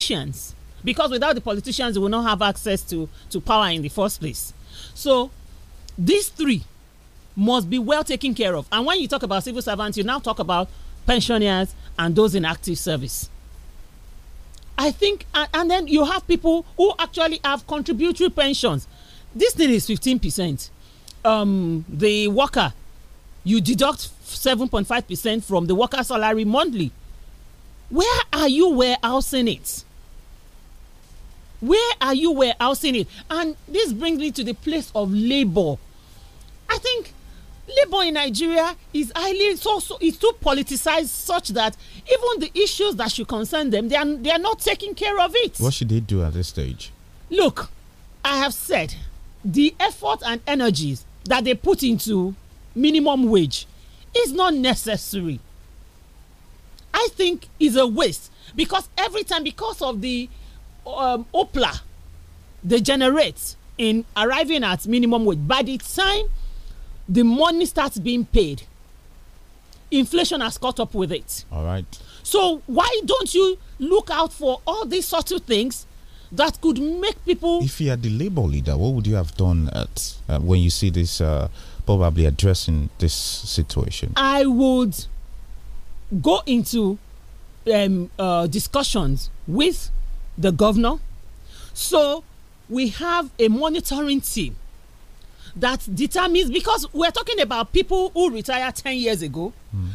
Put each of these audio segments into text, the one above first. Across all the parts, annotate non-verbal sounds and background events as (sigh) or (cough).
politicians because without the politicians we will not have access to to power in the first place so these three must be well taken care of and when you talk about civil servants you now talk about pensioners and those in active service i think and, and then you have people who actually have contributory pensions this thing is 15 percent um, the worker you deduct 7.5 percent from the worker salary monthly where are you warehousing it where are you warehousing it? And this brings me to the place of labor. I think labor in Nigeria is highly so, so it's too politicized such that even the issues that should concern them, they are they are not taking care of it. What should they do at this stage? Look, I have said the effort and energies that they put into minimum wage is not necessary. I think is a waste because every time because of the um, opla they generate in arriving at minimum wage by the time the money starts being paid inflation has caught up with it all right so why don't you look out for all these sorts of things that could make people if you are the labor leader what would you have done at uh, when you see this uh, probably addressing this situation i would go into um, uh, discussions with the governor. So we have a monitoring team that determines because we're talking about people who retired 10 years ago. Mm.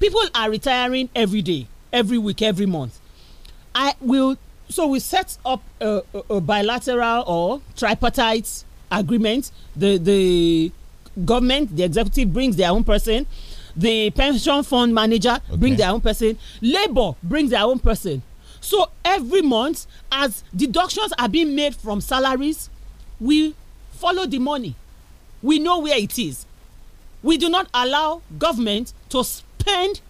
People are retiring every day, every week, every month. I will so we set up a, a, a bilateral or tripartite agreement. The the government, the executive brings their own person. The pension fund manager okay. brings their own person. Labor brings their own person so every month, as deductions are being made from salaries, we follow the money. We know where it is. We do not allow government to spend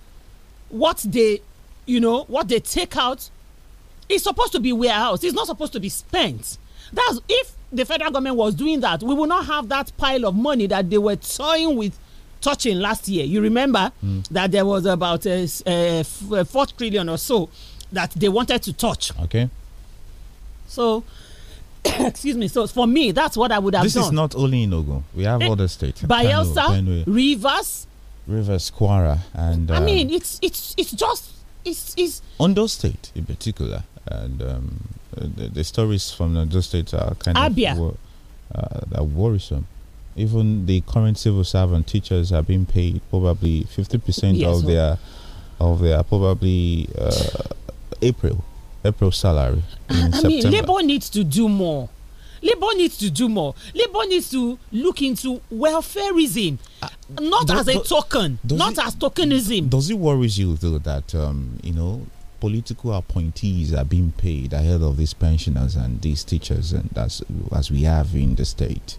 what they, you know, what they take out. It's supposed to be warehouse. It's not supposed to be spent. That's if the federal government was doing that, we would not have that pile of money that they were toying with touching last year. You remember mm. that there was about a, a four trillion or so that they wanted to touch. Okay. So, (coughs) excuse me. So for me, that's what I would have this done. This is not only in Ogun. We have it, eh, other states. Bayelsa, Kano, Rivers. Rivers, Kwara, and um, I mean, um, it's it's it's just it's it's Ondo State in particular, and um, the, the, stories from Ondo State are kind Abia. of wor uh, worrisome. Even the current civil servant teachers are being paid probably fifty percent yes, of oh. their of their probably. Uh, April, April salary. Ah, I September. mean, Labour needs to do more. Labour needs to do more. Labour needs to look into welfareism, uh, ah, not as a token, not it, as tokenism. Does it worries you though that um, you know political appointees are being paid ahead of these pensioners and these teachers, and as as we have in the state?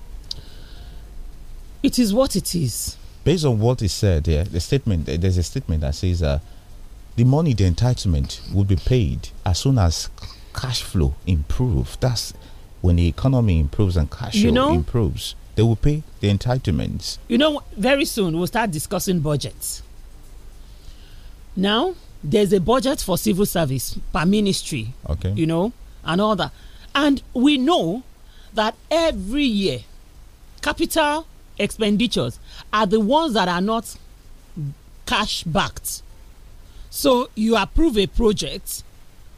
It is what it is. Based on what is said, yeah, the statement there's a statement that says. Uh, the money, the entitlement will be paid as soon as cash flow improves. That's when the economy improves and cash you flow know, improves. They will pay the entitlements. You know, very soon we'll start discussing budgets. Now, there's a budget for civil service per ministry. Okay. You know, and all that. And we know that every year, capital expenditures are the ones that are not cash backed so you approve a project,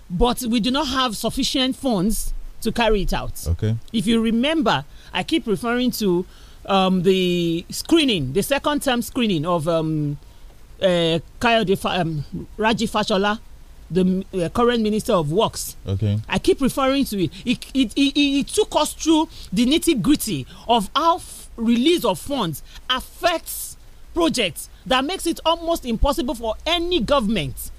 but we do not have sufficient funds to carry it out. Okay. If you remember, I keep referring to um, the screening, the second term screening of um, uh, Kayode um, Raji Fashola, the uh, current Minister of Works. Okay. I keep referring to it. It, it, it, it took us through the nitty gritty of how release of funds affects projects that makes it almost impossible for any government,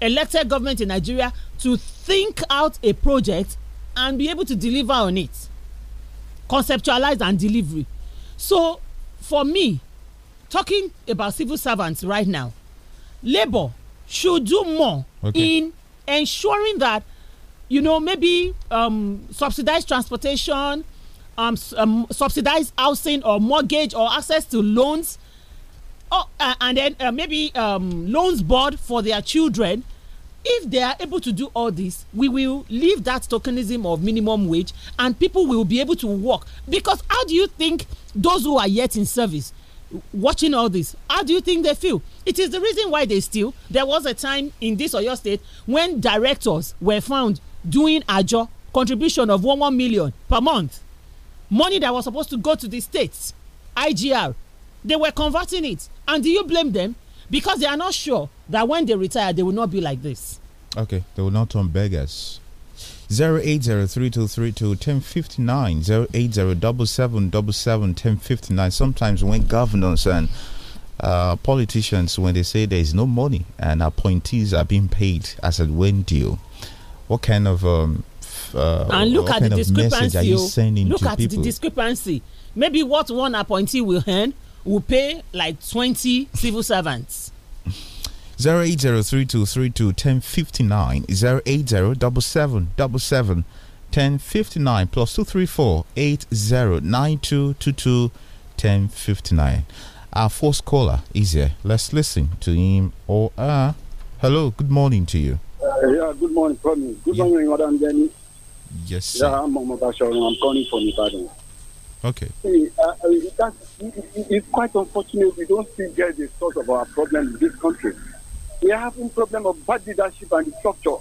elected government in Nigeria, to think out a project and be able to deliver on it, conceptualize and delivery. So, for me, talking about civil servants right now, labor should do more okay. in ensuring that, you know, maybe um, subsidized transportation, um, um, subsidized housing or mortgage or access to loans oh, uh, and then uh, maybe um, loans board for their children if they are able to do all this we will leave that tokenism of minimum wage and people will be able to work because how do you think those who are yet in service watching all this how do you think they feel it is the reason why they steal there was a time in this or your state when directors were found doing a job contribution of one one million per month money that was supposed to go to the states igr they were converting it and do you blame them? Because they are not sure that when they retire, they will not be like this. Okay, they will not turn beggars. 08032321059 08077771059 sometimes when governors and uh, politicians when they say there is no money and appointees are being paid as a when deal what kind of um, uh, and look at the discrepancy oh. look at people? the discrepancy maybe what one appointee will earn will pay like 20 civil servants. 08032321059 seven ten fifty nine plus two three four eight zero nine two two two ten fifty nine. 234 Our first caller is here. Let's listen to him or her. Hello, good morning to you. Uh, yeah, good morning, Good yeah. morning, Madam Jenny. Yes. Sir. Yeah, I'm I'm calling from Ibadan. Okay. See, uh, uh, that, it's quite unfortunate we don't still get the source of our problem in this country. We are having problem of bad leadership and structure.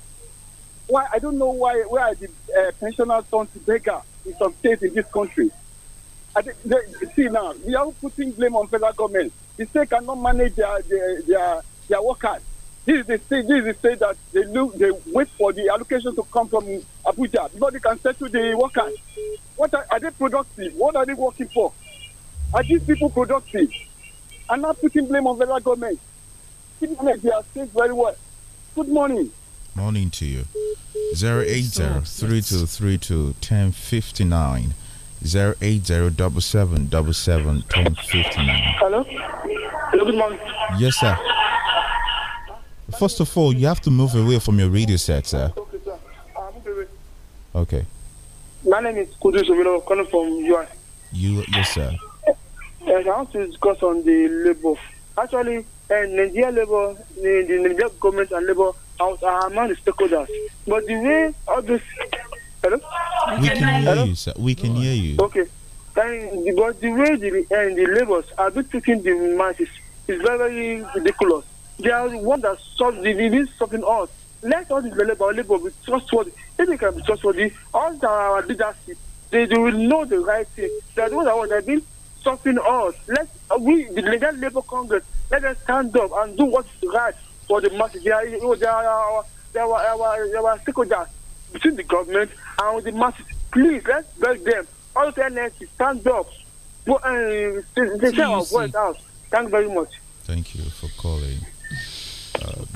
Why I don't know why where are the uh, pensioners turn to beggar in some states in this country. They, they, see now, we are putting blame on federal government. The state cannot manage their, their, their, their workers. This is the this is the that they look, they wait for the allocation to come from Abuja before they can settle the workers. What are, are they productive? What are they working for? Are these people productive? And not putting blame on federal government. Like they are safe very well. Good morning. Morning to you. 080-3232-1059. 80 1059 Hello? Hello, good morning. Yes, sir first of all, you have to move away from your radio set, sir. Okay. My name is Kudus Omilo, calling from UI. You, yes, sir. Yes, I want to discuss on the labor. Actually, in eh, Nigeria labor, the, the Nigeria government and labor out are among the stakeholders. But the way all this. Hello? We can hear Hello? you, sir. We can hear you. Okay. And, but the way the, and eh, the labor are taking the masses is very, very ridiculous. They are the one that solves the disease, something else. Let us develop our labor be trustworthy. If they can be trustworthy, all that our leadership, they, they will know the right thing. They are the ones that want to be something us. Let uh, we, the legal labor congress, let us stand up and do what's right for the masses. They are, they are, our, they are, our, they are stakeholders between the government and the masses. Please, let's beg them. All the NSC, stand up. Go, uh, they, they say our voice out. Thanks very much. Thank you for calling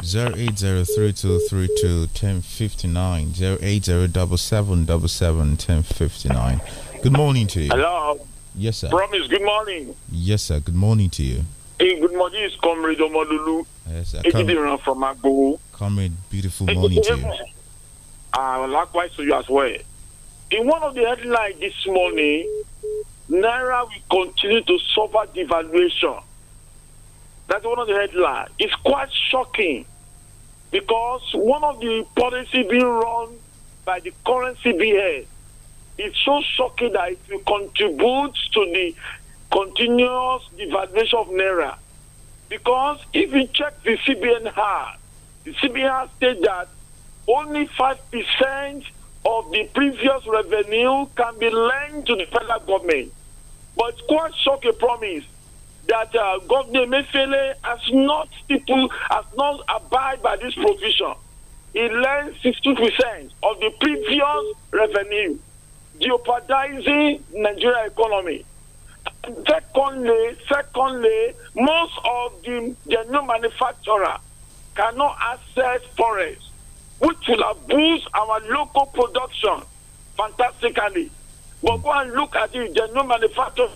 zero eight zero three two three two ten fifty nine zero eight zero double seven double seven ten fifty nine. Good morning to you. Hello. Yes, sir. Promise. Good morning. Yes, sir. Good morning to you. Hey, good morning. It's Comrade Omolulu. Yes, sir. Come, from Agbo. Comrade, beautiful hey, morning to you. Uh, likewise to you as well. In one of the headlines this morning, Naira will continue to suffer devaluation that's one of the headlines. It's quite shocking because one of the policy being run by the current CBN is so shocking that it will contribute to the continuous devaluation of Naira. Because if you check the CBN hard, the CBN stated that only 5% of the previous revenue can be lent to the federal government. But it's quite shocking promise that uh, Governor Mefele has not people has not abide by this provision. He lends 60% of the previous revenue, jeopardizing Nigeria economy. Secondly, secondly, most of the, the new manufacturer cannot access forest, which will boost our local production fantastically. But go and look at the general manufacturer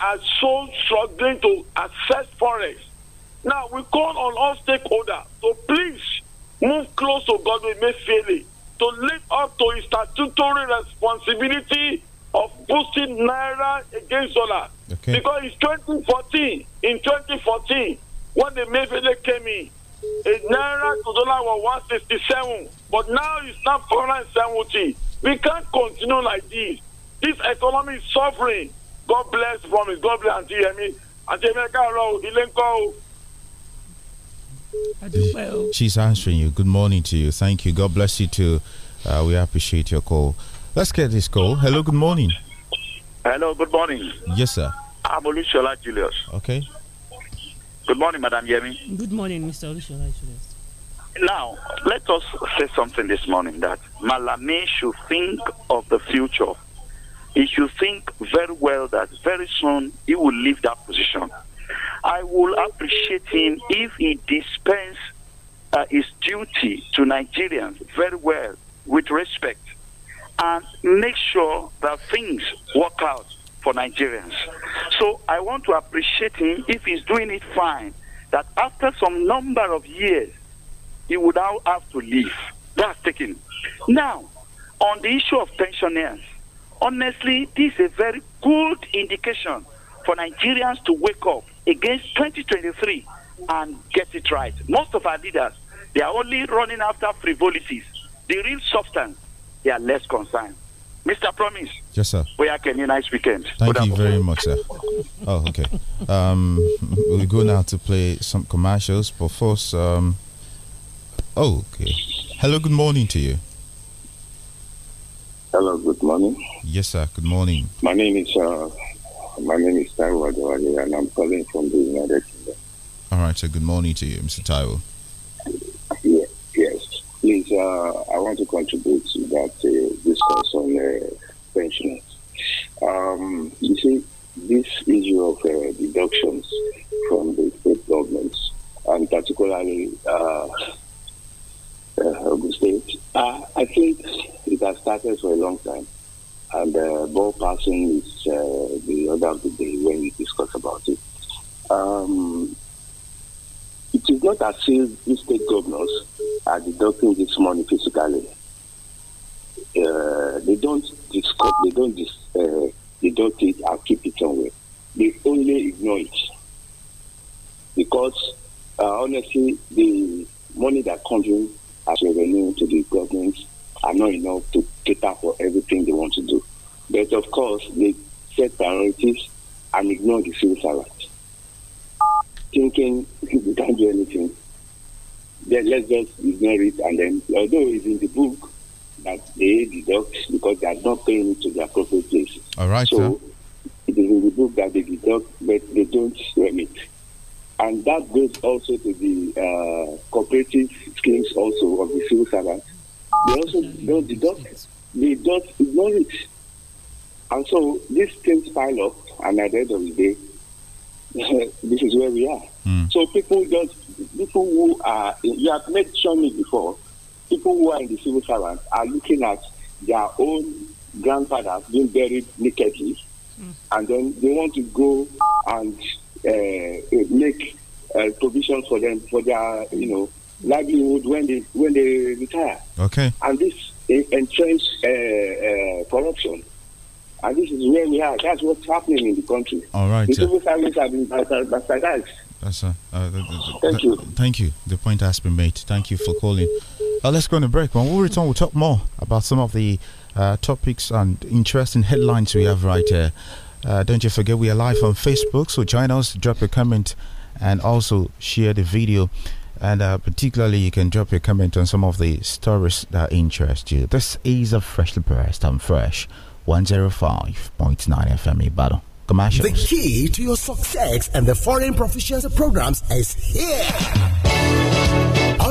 are so struggling to access forest. Now we call on all stakeholders to please move close to Godwin Emefiele to live up to his statutory responsibility of boosting naira against dollar. Okay. Because in 2014, in 2014, when the Mayfele came in, a naira to dollar was 167, but now it's now 470. We can't continue like this. This economy is suffering. God bless promise. God bless àǹtí Yẹmí. Àǹtí Yẹmí ẹ káàárọ̀ o, ilé I do well. She's answering you. Good morning to you. Thank you. God bless you too. Uh, we appreciate your call. Let's get this call. Hello, good morning. Hello, good morning. Yes, sir. I'm Olushola Julius. Okay. Good morning, Madam Yemi. Good morning, Mr. Olushola Julius. Now, let us say something this morning that Malami should think of the future he should think very well that very soon he will leave that position. I will appreciate him if he dispense uh, his duty to Nigerians very well with respect and make sure that things work out for Nigerians. So I want to appreciate him if he's doing it fine, that after some number of years, he would now have to leave. That's taken. Now, on the issue of pensioners, Honestly, this is a very good indication for Nigerians to wake up against 2023 and get it right. Most of our leaders, they are only running after frivolities. The real substance, they are less concerned. Mr. Promise. Yes, sir. We are a nice weekend. Thank Good you afternoon. very much, sir. Oh, okay. Um, we go now to play some commercials, but first, um, oh, okay. Hello, good morning to you. Hello, good morning. Yes, sir. Good morning. My name is uh, my name is Taiwo Adewale, and I'm calling from the United Kingdom. All right, so good morning to you, Mr. Taiwo. Yeah, yes, please. Uh, I want to contribute to that uh, discourse on uh, pensioners. Um, you see, this issue of uh, deductions from the state governments, and particularly uh, uh, Ogun State. Uh, I think it has started for a long time. And uh, ball passing is uh, the other of the day when we discuss about it. Um, it is not as if these state governors are deducting this money physically. Uh, they don't discuss, they don't dis, uh, deduct it and keep it somewhere. They only ignore it because uh, honestly, the money that comes in as revenue to the government are not enough to cater for everything they want to do. But of course, they set priorities and ignore the civil servants, thinking we (laughs) can't do anything. Then let's just ignore it, and then although it's in the book that they deduct because they are not paying to the appropriate places. All right. So sir. it is in the book that they deduct, but they don't remit. And that goes also to the uh, cooperative schemes also of the civil servants. They also don't, deduct. they don't ignore it. And so these things pile up, and at the end of the day, (laughs) this is where we are. Mm. So people just, people who are, you have mentioned it before, people who are in the civil servants are looking at their own grandfathers being buried nakedly, mm. and then they want to go and uh, uh, make uh, provisions for them for their you know livelihood when they when they retire. Okay. And this entrenches corruption. And this is where we are. That's what's happening in the country. All right. The civil have been bastardized. That's uh, thank you. Thank you. The point has been made. Thank you for calling. Uh, let's go on a break. When we return, we'll talk more about some of the uh, topics and interesting headlines we have right here. Uh, don't you forget we are live on Facebook, so join us, drop a comment, and also share the video. And uh, particularly, you can drop your comment on some of the stories that interest you. This is a freshly pressed and fresh 105.9 FM battle. Commercials. The key to your success and the foreign proficiency programs is here.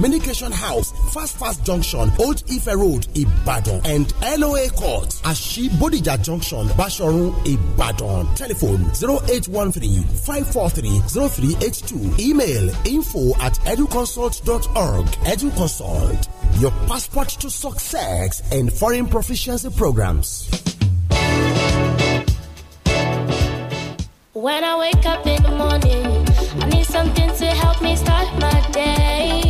Communication House, Fast Fast Junction, Old Ife Road, Ibadan, and LOA Court, Ashi Bodija Junction, Bashorun, Ibadan. Telephone 0813 543 0382. Email info at educonsult.org. Educonsult, your passport to success and foreign proficiency programs. When I wake up in the morning, I need something to help me start my day.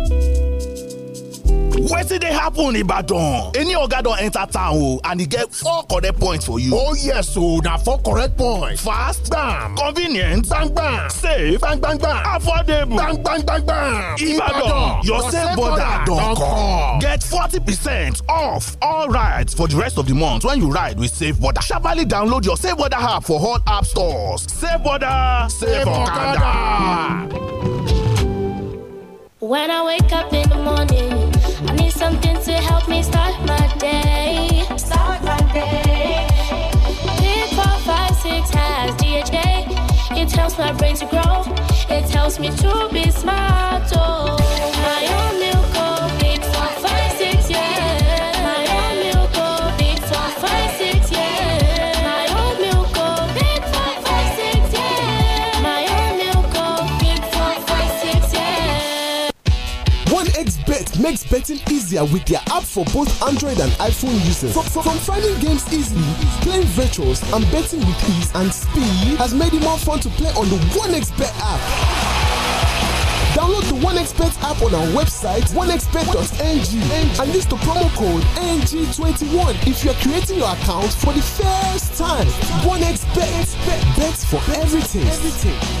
wetin dey happen ibadan any oga don enter town o and e get four correct points for you oh yes o na four correct points fast gbam convenient gbangbam safe gbangbangbam affordable gbangbangbam ibadan your safe border don come get forty percent off all rides for the rest of the month when you ride with safe border sharparly download your safe border app for all app stores safe border safe okada. When I wake up in the morning, I need something to help me start my day. Start my day. has DHA. It helps my brain to grow. It helps me to be smart. Oh, I easier with their app for both Android and iPhone users. From, from, from finding games easily, playing virtuals, and betting with ease and speed has made it more fun to play on the 1xBet app. Download the OneXpert app on our website, onexpert.ng, and use the promo code NG21 if you are creating your account for the first time. OneXpert, bets for everything. everything.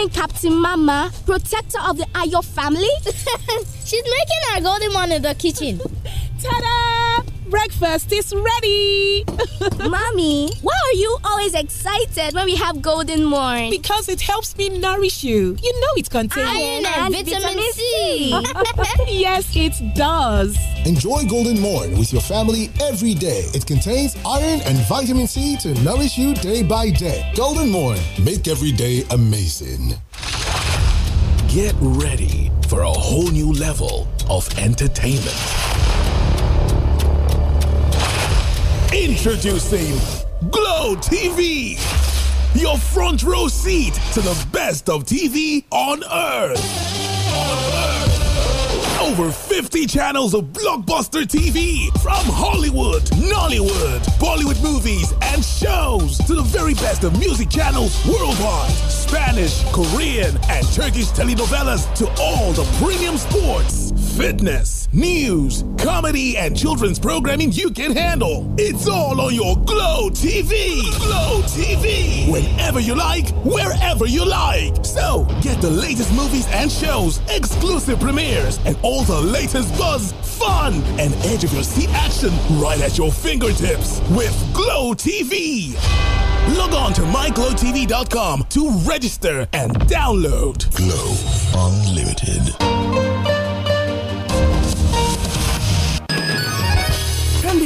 being Captain Mama, protector of the Ayo family? (laughs) She's making our golden one in the kitchen. Ta-da! breakfast is ready. (laughs) Mommy, why are you always excited when we have Golden Morn? Because it helps me nourish you. You know it contains iron and, and vitamin, vitamin C. C. (laughs) (laughs) yes, it does. Enjoy Golden Morn with your family every day. It contains iron and vitamin C to nourish you day by day. Golden Morn, make every day amazing. Get ready for a whole new level of entertainment Introducing Glow TV, your front row seat to the best of TV on earth. On earth. Over 50 channels of blockbuster TV from Hollywood, Nollywood, Bollywood movies, and shows to the very best of music channels worldwide. Spanish, Korean, and Turkish telenovelas to all the premium sports fitness, news, comedy, and children's programming you can handle. It's all on your Glow TV. Glow TV. Whenever you like, wherever you like. So get the latest movies and shows, exclusive premieres, and all the latest buzz, fun, and edge of your seat action right at your fingertips with Glow TV. Log on to myglowtv.com to register and download Glow Unlimited.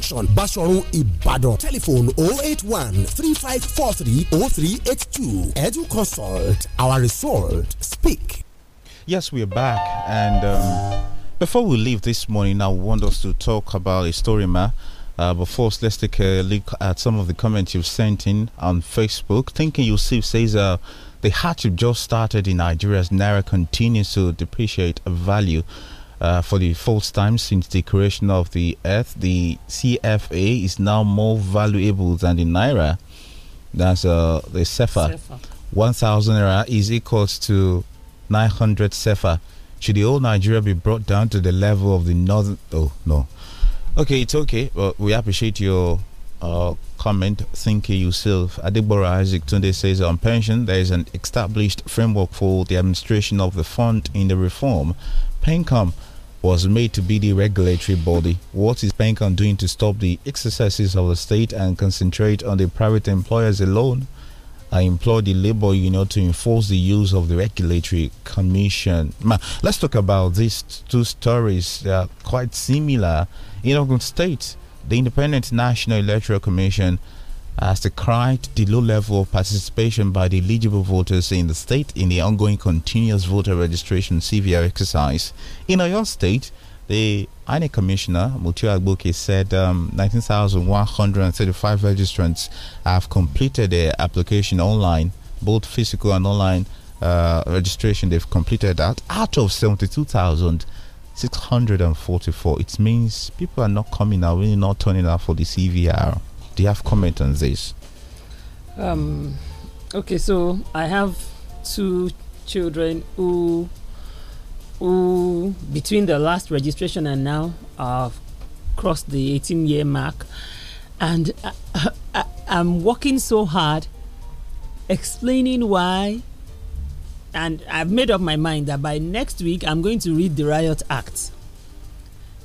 junction Basọ̀run Ìbàdàn telephone 81 3543 Edu Consult our result speak. Yes, we're back and um, before we leave this morning I want us to talk about a story ma. Uh, but first, let's take a look at some of the comments you've sent in on Facebook. Thinking you see says uh, the hardship just started in Nigeria's Naira continues to depreciate value. Uh, for the fourth time since the creation of the earth, the CFA is now more valuable than the naira. That's uh, the sefa. 1,000 naira is equals to 900 sefa. Should the old Nigeria be brought down to the level of the northern? Oh no. Okay, it's okay. Well, we appreciate your uh, comment. Thank you yourself. Adibora Isaac Tunde says on pension, there is an established framework for the administration of the fund in the reform. Pencom was made to be the regulatory body. What is bank on doing to stop the excesses of the state and concentrate on the private employers alone? I implore the labor union you know, to enforce the use of the regulatory commission. Let's talk about these two stories. They are quite similar. In Ogun State, the Independent National Electoral Commission has decried the low level of participation by the eligible voters in the state in the ongoing continuous voter registration CVR exercise. In Oyo State, the INEC Commissioner, Mutu Agboke, said um, 19,135 registrants have completed their application online, both physical and online uh, registration. They've completed that out of 72,000. 644. It means people are not coming out, really not turning out for the CVR. Do you have comment on this? Um, okay, so I have two children who who between the last registration and now have crossed the 18 year mark and I, I, i'm working so hard explaining why and i've made up my mind that by next week i'm going to read the riot act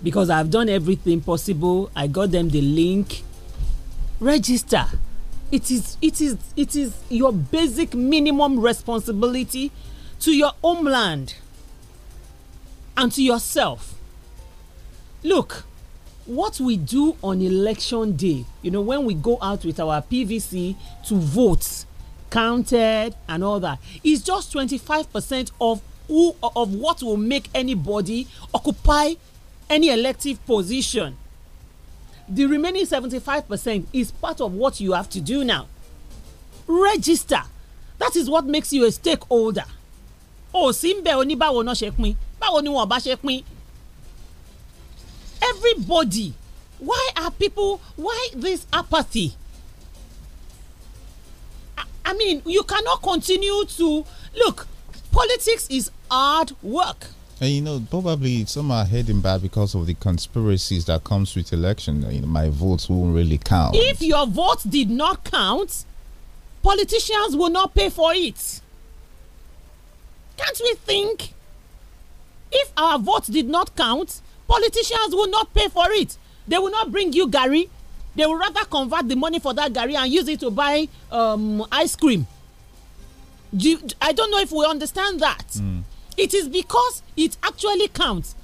because i've done everything possible i got them the link register it is it is it is your basic minimum responsibility to your homeland and to yourself look what we do on election day you know when we go out with our pvc to vote counted and all that is just 25 percent of who of what will make anybody occupy any elective position the remaining 75% is part of what you have to do now. Register. That is what makes you a stakeholder. Oh, Simbe, oní báwo náà Everybody, why are people, why this apathy? I, I mean, you cannot continue to look, politics is hard work. And you know, probably some are heading back because of the conspiracies that comes with election. You know, my votes won't really count. If your votes did not count, politicians will not pay for it. Can't we think? If our votes did not count, politicians will not pay for it. They will not bring you Gary. They will rather convert the money for that Gary and use it to buy um, ice cream. Do you, I don't know if we understand that. Mm. It is because it actually counts.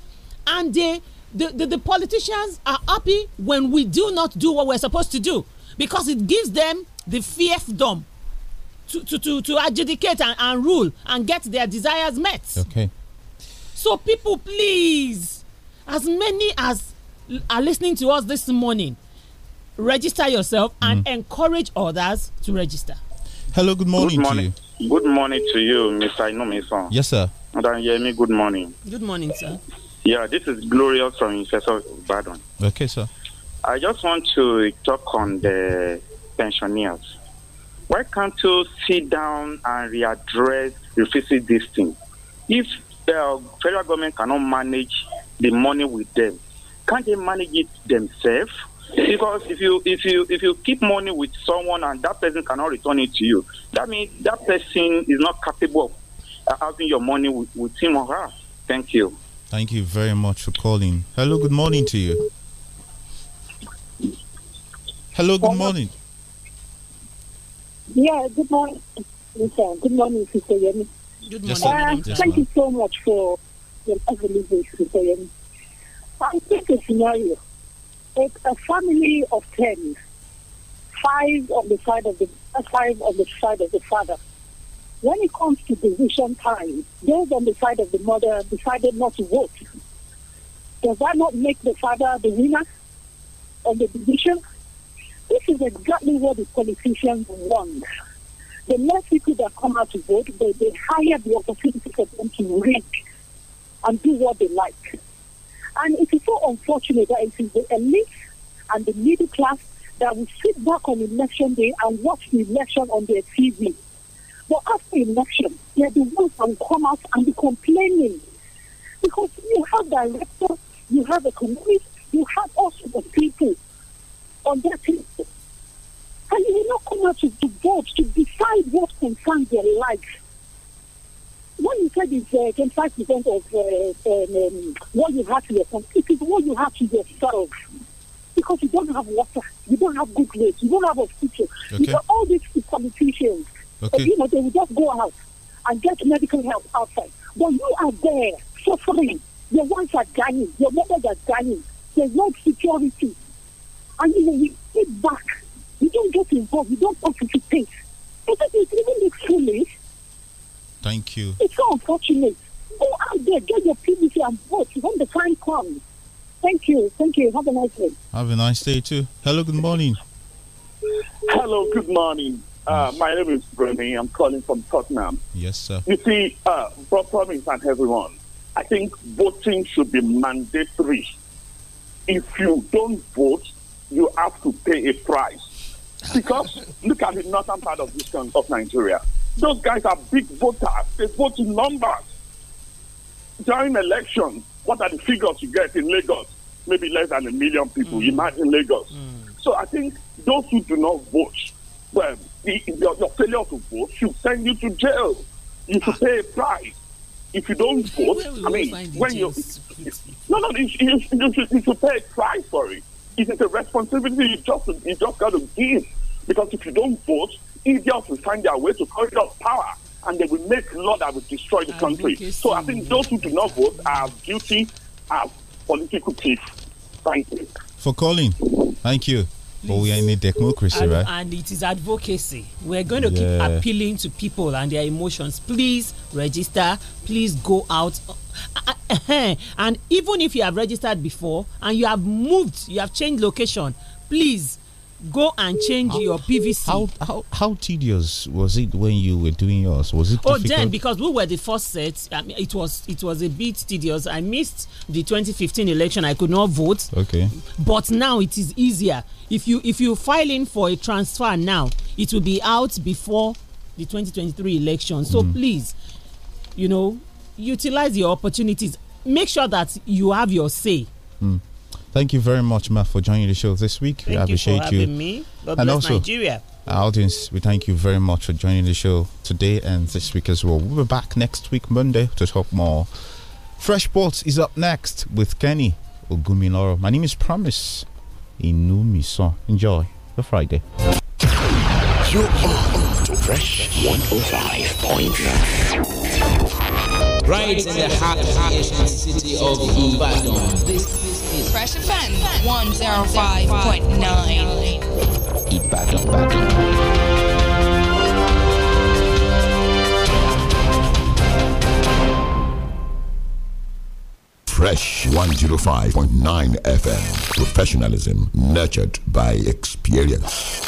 And they, the, the, the politicians are happy when we do not do what we're supposed to do because it gives them the fiefdom to, to, to, to adjudicate and, and rule and get their desires met. Okay. So, people, please, as many as are listening to us this morning, register yourself and mm. encourage others to register. Hello, good morning, good morning. to you. Good morning to you, Mr. Inumison. Yes, sir. Yemi, good morning. Good morning, sir. Yeah, this is Glorious from Professor Badon. Okay, sir. I just want to talk on the pensioners. Why can't you sit down and readdress, revisit this thing? If the federal government cannot manage the money with them, can't they manage it themselves? because if you if you if you keep money with someone and that person cannot return it to you that means that person is not capable of having your money with, with him or her. Thank you. Thank you very much for calling. Hello, good morning to you. Hello, good morning. Yeah, good morning. Listen, good morning, Sister Yemi. Good morning. Uh, yes, thank you so much for your evangelism, Sister Yemi. I take a scenario. It's a family of ten. Five on the side of the five on the side of the father, when it comes to decision time, those on the side of the mother decided not to vote. Does that not make the father the winner of the decision? This is exactly what the politicians want. The less people that come out to vote, the, the higher the opportunity for them to read and do what they like. And it is so unfortunate that it is the elite and the middle class that will sit back on election day and watch the election on their TV. But after election, they're the ones that will come out and be complaining. Because you have directors, you have a community, you have also the people on their people. And you will not come out to, the vote to decide what concerns their life. What you said is uh, 25% of uh, um, what you have to yourself. It is what you have to yourself because you don't have water, you don't have good grades, you don't have a future. Okay. You got all these politicians, Okay. You know, they will just go out and get medical help outside. But you are there suffering. Your wives are dying. Your mothers are dying. There's no security. And you know, you sit back. You don't get involved. You don't participate. Because it even looks foolish. Thank you. It's so unfortunate. Go out there, get your PVC and vote when the time comes. Thank you. Thank you. Have a nice day. Have a nice day too. Hello, good morning. Hello, good morning. Uh, my name is Brenny. I'm calling from Tottenham. Yes, sir. You see, uh, problem is that everyone. I think voting should be mandatory. If you don't vote, you have to pay a price. Because (laughs) look at the northern part of this country of Nigeria. Those guys are big voters. They vote in numbers. During elections, what are the figures you get in Lagos? Maybe less than a million people. Mm. Imagine Lagos. Mm. So I think those who do not vote, well, the, your, your, failure to vote should send you to jail. You should ah. pay a price. If you don't (laughs) vote, I mean, when you no no, you, you, you, should, you should pay a price for it. It is a responsibility you just you just got to give because if you don't vote, idiots will find their way to corridor power and they will make law that will destroy the I country. So I think those who do not vote are guilty of political thieves. Thank you for calling. Thank you. But we are in a democracy, and, right? And it is advocacy. We're going to yeah. keep appealing to people and their emotions. Please register. Please go out. (laughs) And even if you have registered before and you have moved, you have changed location, please go and change how, your PVC. How, how how tedious was it when you were doing yours? Was it? Oh, then because we were the first set, I mean, it was it was a bit tedious. I missed the 2015 election. I could not vote. Okay. But now it is easier. If you if you file in for a transfer now, it will be out before the 2023 election. So mm. please, you know, utilize your opportunities. Make sure that you have your say. Mm. Thank you very much, Matt, for joining the show this week. Thank we appreciate you. you. and also, Nigeria. Our audience, we thank you very much for joining the show today and this week as well. We'll be back next week, Monday, to talk more. Fresh Sports is up next with Kenny Ogumiloro. My name is Promise Inumison. Enjoy the Friday. You are on Fresh 105.9 right in the heart of the city of Ibadan. Fresh Offense 105.9 Ibadan. Ibadan. Fresh 105.9 FM. Professionalism nurtured by experience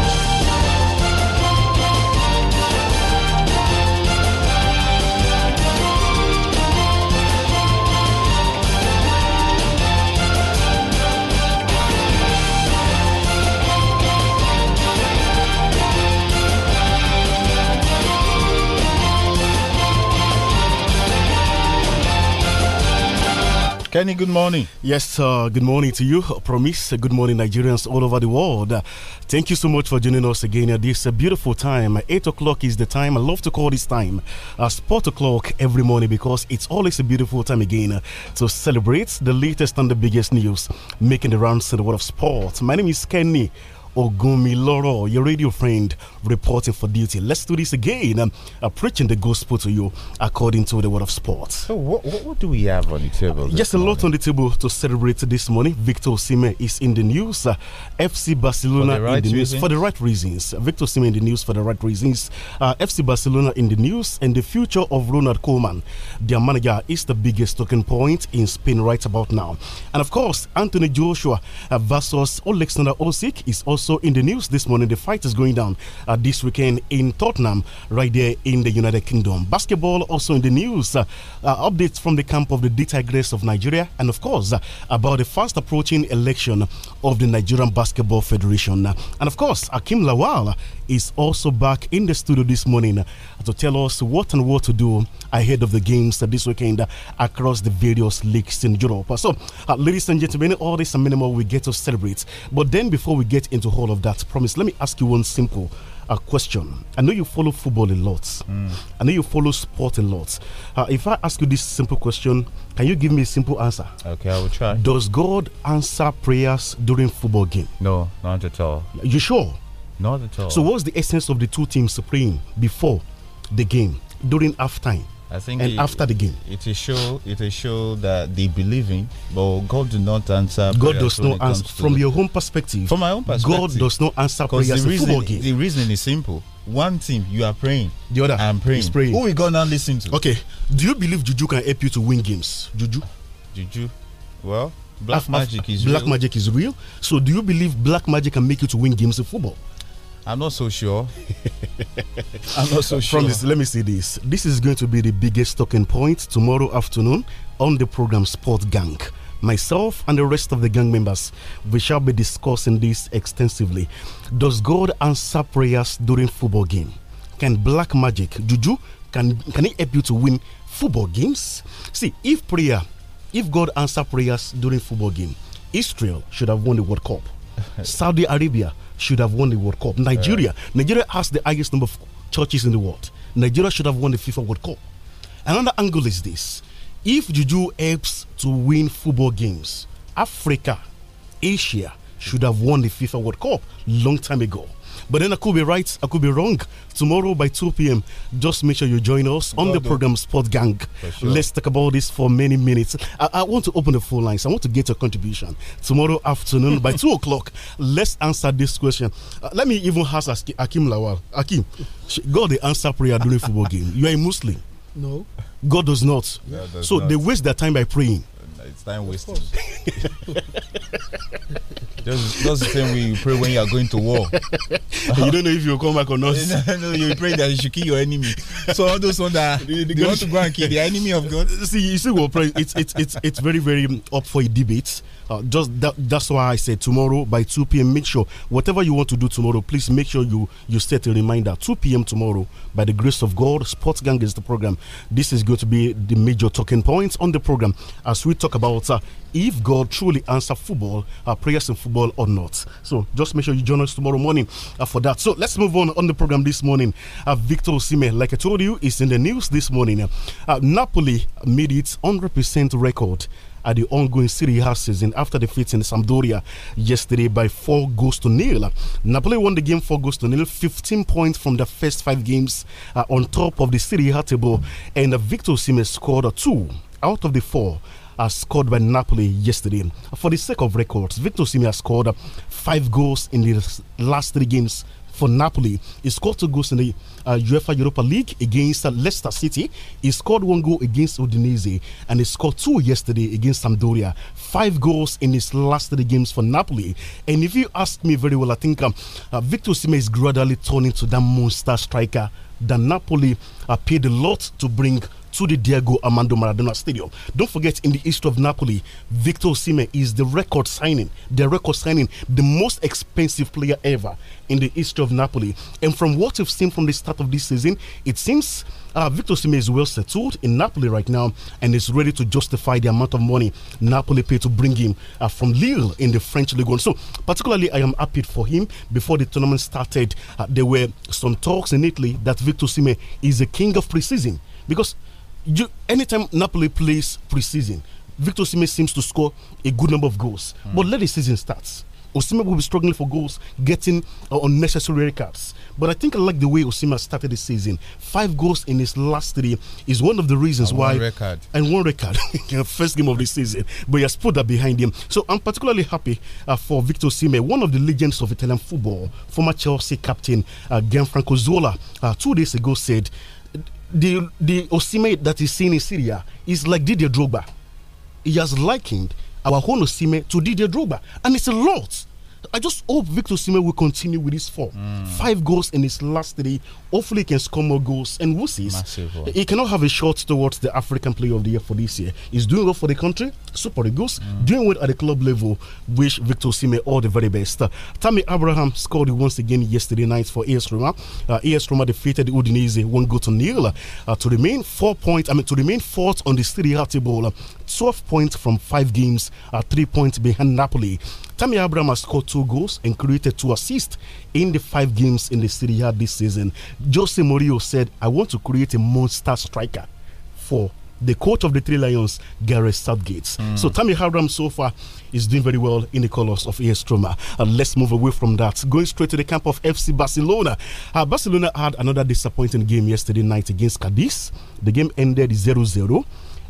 Kenny, good morning. Yes, uh, good morning to you. I promise. Uh, good morning, Nigerians all over the world. Uh, thank you so much for joining us again at this uh, beautiful time. Eight o'clock is the time. I love to call this time uh, sport o'clock every morning because it's always a beautiful time again uh, to celebrate the latest and the biggest news making the rounds in the world of sports. My name is Kenny Ogumiloro, your radio friend, reporting for duty. Let's do this again. I'm um, uh, preaching the gospel to you according to the word of sports. So, what, what, what do we have on the table? Just a lot on the table to celebrate this morning. Victor Sime is in the news. Uh, FC Barcelona the right in the news for the right reasons. Victor Sime in the news for the right reasons. Uh, FC Barcelona in the news and the future of Ronald Koeman, their manager, is the biggest talking point in Spain right about now. And of course, Anthony Joshua uh, versus Alexander Osik is also also in the news this morning, the fight is going down uh, this weekend in Tottenham, right there in the United Kingdom. Basketball also in the news. Uh, uh, updates from the camp of the Tigress of Nigeria, and of course, uh, about the fast approaching election of the Nigerian Basketball Federation. and of course, Akim Lawal is also back in the studio this morning uh, to tell us what and what to do ahead of the games this weekend across the various leagues in Europe. So, uh, ladies and gentlemen, all this and minimal we get to celebrate. But then, before we get into all of that promise, let me ask you one simple uh, question. I know you follow football a lot. Mm. I know you follow sport a lot. Uh, if I ask you this simple question, can you give me a simple answer? Okay, I will try. Does God answer prayers during football game? No, not at all. You sure? Not at all. So what's the essence of the two teams praying before the game, during halftime? I think and it, after the game, it is show it is show that they believe in, but God do not answer. God does not answer from your own perspective. From my own perspective, God does not answer prayers. The reason, the reason is simple. One thing you are praying, the other I'm praying. praying. Who we gonna now listen to? Okay, do you believe Juju can help you to win games? Juju, Juju, well, black Af magic is black real. magic is real. So do you believe black magic can make you to win games in football? I'm not so sure. (laughs) I'm not so sure. From this, let me see this. This is going to be the biggest talking point tomorrow afternoon on the program Sport Gang. Myself and the rest of the gang members, we shall be discussing this extensively. Does God answer prayers during football game? Can black magic, juju, can can it help you to win football games? See, if prayer, if God answer prayers during football game, Israel should have won the World Cup. (laughs) Saudi Arabia should have won the World Cup. Nigeria, yeah. Nigeria has the highest number of churches in the world. Nigeria should have won the FIFA World Cup. Another angle is this: if Juju helps to win football games, Africa, Asia should have won the FIFA World Cup long time ago. But then I could be right, I could be wrong. Tomorrow by 2 p.m., just make sure you join us on the program Sport Gang. Sure. Let's talk about this for many minutes. I, I want to open the phone lines. I want to get a contribution. Tomorrow afternoon by 2 (laughs) o'clock, let's answer this question. Uh, let me even ask Akim Lawal. Akim, God, the answer prayer during football game. You are a Muslim. No. God does not. Yeah, so not. they waste their time by praying it's time wasting. (laughs) just, just the same way you pray when you are going to war. (laughs) you don't know if you'll come back or not. (laughs) no, no, you pray that you should kill your enemy. So all those ones that the, the they want to go and kill the enemy of God. See, you see, pray. it's it's it's it's very very up for a debate uh, just that, that's why I say tomorrow by 2 p.m. Make sure whatever you want to do tomorrow, please make sure you you set a reminder. 2 p.m. tomorrow, by the grace of God, Sports Gang is the program. This is going to be the major talking points on the program as we talk about uh, if God truly answer football, uh, prayers in football or not. So just make sure you join us tomorrow morning uh, for that. So let's move on on the program this morning. Uh, Victor Osime, like I told you, is in the news this morning. Uh, Napoli made its 100% record at the ongoing Serie A season after in Sampdoria yesterday by four goals to nil. Napoli won the game four goals to nil, 15 points from the first five games uh, on top of the Serie A table, and Victor Sime scored two out of the four uh, scored by Napoli yesterday. For the sake of records, Victor Simi has scored five goals in the last three games for Napoli. He scored two goals in the uh, UEFA Europa League against uh, Leicester City. He scored one goal against Udinese and he scored two yesterday against Sampdoria. Five goals in his last three games for Napoli. And if you ask me very well, I think um, uh, Victor Sima is gradually turning to that monster striker that Napoli uh, paid a lot to bring to the Diego Armando Maradona Stadium. Don't forget, in the history of Napoli, Victor Osimhen is the record signing, the record signing, the most expensive player ever in the history of Napoli. And from what we've seen from the start of this season, it seems uh, Victor Osimhen is well settled in Napoli right now and is ready to justify the amount of money Napoli paid to bring him uh, from Lille in the French League One. So, particularly, I am happy for him. Before the tournament started, uh, there were some talks in Italy that Victor Osimhen is a king of preseason because you anytime Napoli plays preseason, Victor Sime seems to score a good number of goals. Mm. But let the season start. Osima will be struggling for goals, getting uh, unnecessary red cards. But I think I like the way Osima started the season. Five goals in his last three is one of the reasons and why. Record. And one record (laughs) in first game of the season. But he has put that behind him. So I'm particularly happy uh, for Victor Sime, one of the legends of Italian football, former Chelsea captain uh, Gianfranco Zola, uh, two days ago said the the Osime that is seen in Syria is like Didier Drogba. He has likened our own Osime to Didier Drogba, and it's a lot I just hope Victor Sima will continue with his form. Mm. Five goals in his last three. Hopefully, he can score more goals. And Wusis, he cannot have a shot towards the African Player of the Year for this year. He's doing well for the country, super goals, mm. doing well at the club level. Wish Victor Sima all the very best. Uh, Tammy Abraham scored once again yesterday night for AS Roma. Uh, AS Roma defeated Udinese one goal to nil uh, to remain four points. I mean, to remain fourth on the Serie A table, uh, twelve points from five games, uh, three points behind Napoli. Tammy Abraham has scored two goals and created two assists in the five games in the Serie A this season. Jose Mourinho said, I want to create a monster striker for the coach of the Three Lions, Gareth Southgate. Mm. So Tammy Abraham so far is doing very well in the colours of AS Roma. Uh, let's move away from that. Going straight to the camp of FC Barcelona. Uh, Barcelona had another disappointing game yesterday night against Cadiz. The game ended 0 0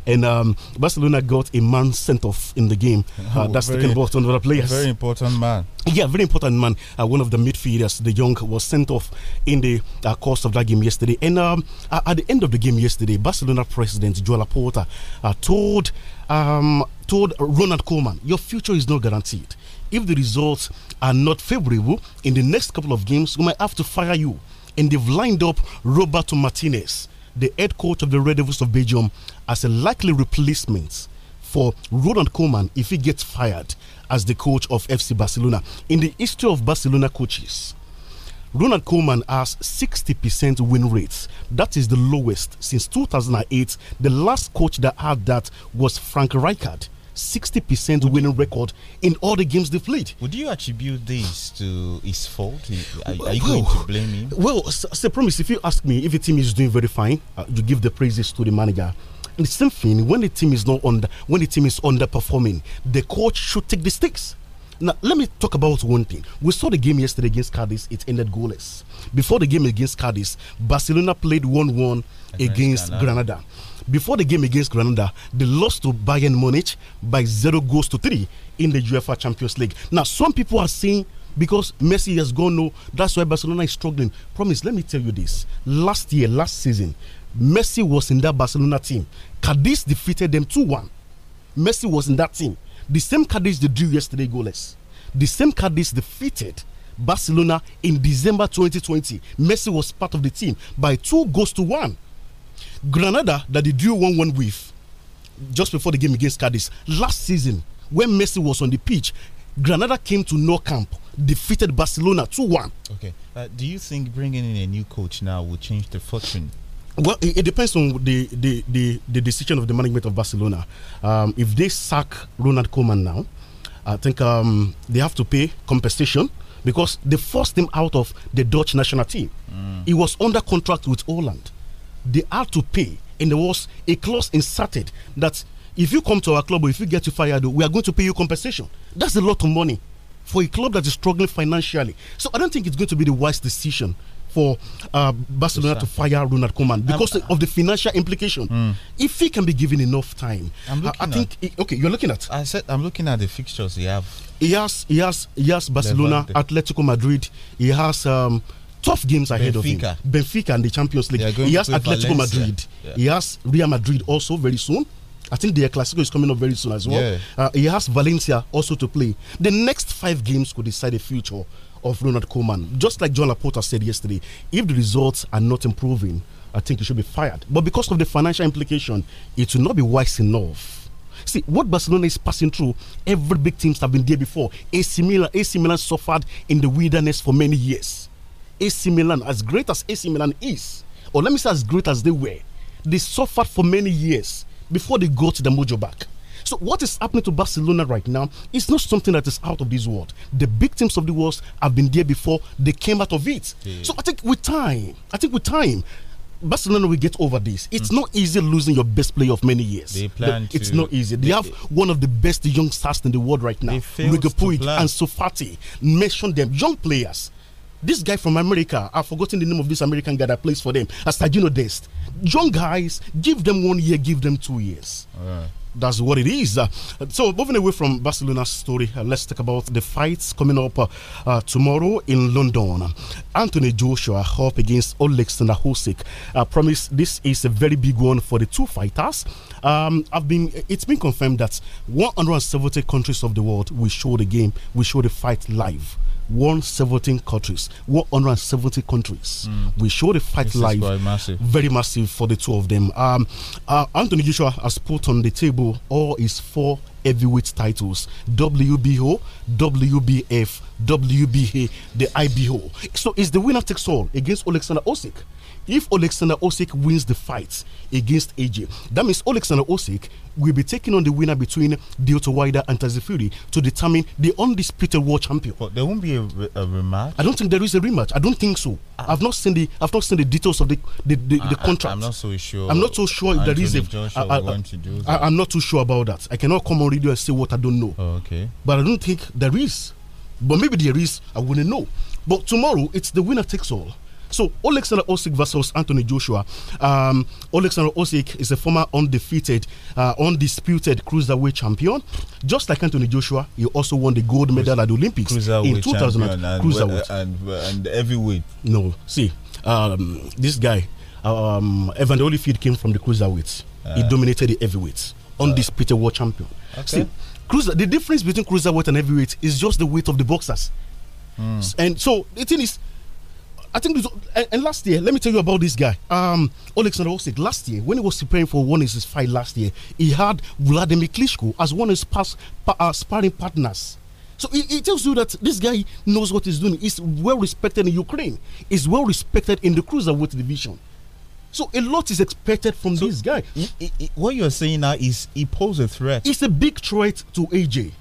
and um, Barcelona got a man sent off in the game. (laughs) uh, that's very, taken ball to players. Very important man. Yeah, very important man. Uh, one of the midfielders, the young, was sent off in the uh, course of that game yesterday. And um, at the end of the game yesterday, Barcelona president Joel Laporta uh, told um, told Ronald Koeman, "Your future is not guaranteed. If the results are not favorable in the next couple of games, we might have to fire you." And they've lined up Roberto Martinez the head coach of the Red Devils of Belgium, as a likely replacement for Ronald Koeman if he gets fired as the coach of FC Barcelona. In the history of Barcelona coaches, Ronald Koeman has 60% win rates. That is the lowest since 2008. The last coach that had that was Frank Rijkaard 60% winning record in all the games they've played. Would you attribute this to his fault? Are, are you well, going to blame him? Well, I promise, if you ask me, if a team is doing very fine, uh, you give the praises to the manager. And the same thing when the team is not under when the team is underperforming, the coach should take the stakes. Now, let me talk about one thing. We saw the game yesterday against Cadiz, it ended goalless. Before the game against Cadiz, Barcelona played 1 1 against, against Granada. Granada. Before the game against Granada, they lost to Bayern Munich by zero goals to three in the UEFA Champions League. Now, some people are saying because Messi has gone no, that's why Barcelona is struggling. Promise, let me tell you this. Last year, last season, Messi was in that Barcelona team. Cadiz defeated them 2 1. Messi was in that team. The same Cadiz they drew yesterday goalless. The same Cadiz defeated Barcelona in December 2020. Messi was part of the team by two goals to one Granada that they drew 1 1 with just before the game against Cadiz last season, when Messi was on the pitch, Granada came to no camp, defeated Barcelona 2 1. Okay. Uh, do you think bringing in a new coach now will change the fortune? Well, it, it depends on the, the, the, the, decision of the management of Barcelona. Um, if they sack Ronald Koeman now, I think um, they have to pay compensation because they forced him out of the Dutch national team. Mm. He was under contract with Holland they had to pay, and there was a clause inserted that if you come to our club or if you get you fired, we are going to pay you compensation. That's a lot of money for a club that is struggling financially. So I don't think it's going to be the wise decision for uh, Barcelona to fire Ronald Koeman um, because I'm, of the financial implication. Mm. If he can be given enough time, I, I, think. At, okay, you're looking at. I said I'm looking at the fixtures he have. He has, he has, he has Barcelona, Atletico Madrid. He has um, tough games ahead Benfica. of him. Benfica and the Champions League. He has Atletico Valencia. Madrid. Yeah. He has Real Madrid also very soon. I think the Clasico is coming up very soon as well. Yeah. Uh, he has Valencia also to play. The next five games could decide the future of Ronald Koeman. Just like John Laporta said yesterday, if the results are not improving, I think he should be fired. But because of the financial implication, it will not be wise enough. See what Barcelona is passing through. Every big teams have been there before. AC Milan, AC Milan suffered in the wilderness for many years. AC Milan, as great as AC Milan is, or let me say as great as they were, they suffered for many years before they got the mojo back. So what is happening to Barcelona right now is not something that is out of this world. The victims of the wars have been there before. They came out of it. Yeah. So I think with time, I think with time, Barcelona will get over this. It's mm. not easy losing your best player of many years. They plan the, It's not easy. They, they, have one of the best young stars in the world right now. Rigo Puig and Sofati. Mention them, young players this guy from America, I've forgotten the name of this American guy that plays for them, Astagino Dest. Young guys, give them one year, give them two years. That's what it is. Uh, so, moving away from Barcelona's story, uh, let's talk about the fights coming up uh, uh tomorrow in London. Anthony Joshua up against Oleg Sinahusik. I promise this is a very big one for the two fighters. Um, I've been it's been confirmed that 170 countries of the world will show the game, will show the fight live. 117 countries, 170 countries. Mm. We show the fight this live, massive. very massive for the two of them. Um, uh, Anthony Joshua has put on the table all his four heavyweight titles WBO, WBF, WBA, the IBO. So it's the winner takes all against Alexander Osik if Oleksandr Osik wins the fight against AJ, that means Oleksandr Osik will be taking on the winner between Deoto Wider and Tazifuri to determine the undisputed world champion. But there won't be a, a, rematch. I don't think there is a rematch. I don't think so. Ah. I've not seen the I've not seen the details of the the, the, the ah, contract. I'm not so sure. I'm not so sure if there is is to do that. I, am not too sure about that. I cannot come on radio and say what I don't know. Oh, okay. But I don't think there is. But maybe there is. I wouldn't know. But tomorrow it's the winner takes all. So Oleksandr Osik versus Anthony Joshua. Um, Alexander Osik is a former undefeated, uh, undisputed cruiserweight champion. Just like Anthony Joshua, he also won the gold medal at the Olympics in 2000. And, uh, cruiserweight. And, and, uh, and heavyweight. No, see, um, this guy, um, Evan Holyfield came from the cruiserweights. Uh, he ah. dominated the heavyweights, ah. undisputed uh, world champion. Okay. See, cruiser, the difference between cruiserweight and heavyweight is just the weight of the boxers. Mm. And so the thing is, I think, this, and, and, last year, let me tell you about this guy, um, Alexander Osik. Last year, when he was preparing for one of his fight last year, he had Vladimir Klitschko as one of his past, pa, uh, sparring partners. So it, it, tells you that this guy knows what he's doing. He's well respected in Ukraine. He's well respected in the cruiserweight division. So a lot is expected from so this guy. what you're saying now is he poses a threat. It's a big threat to AJ.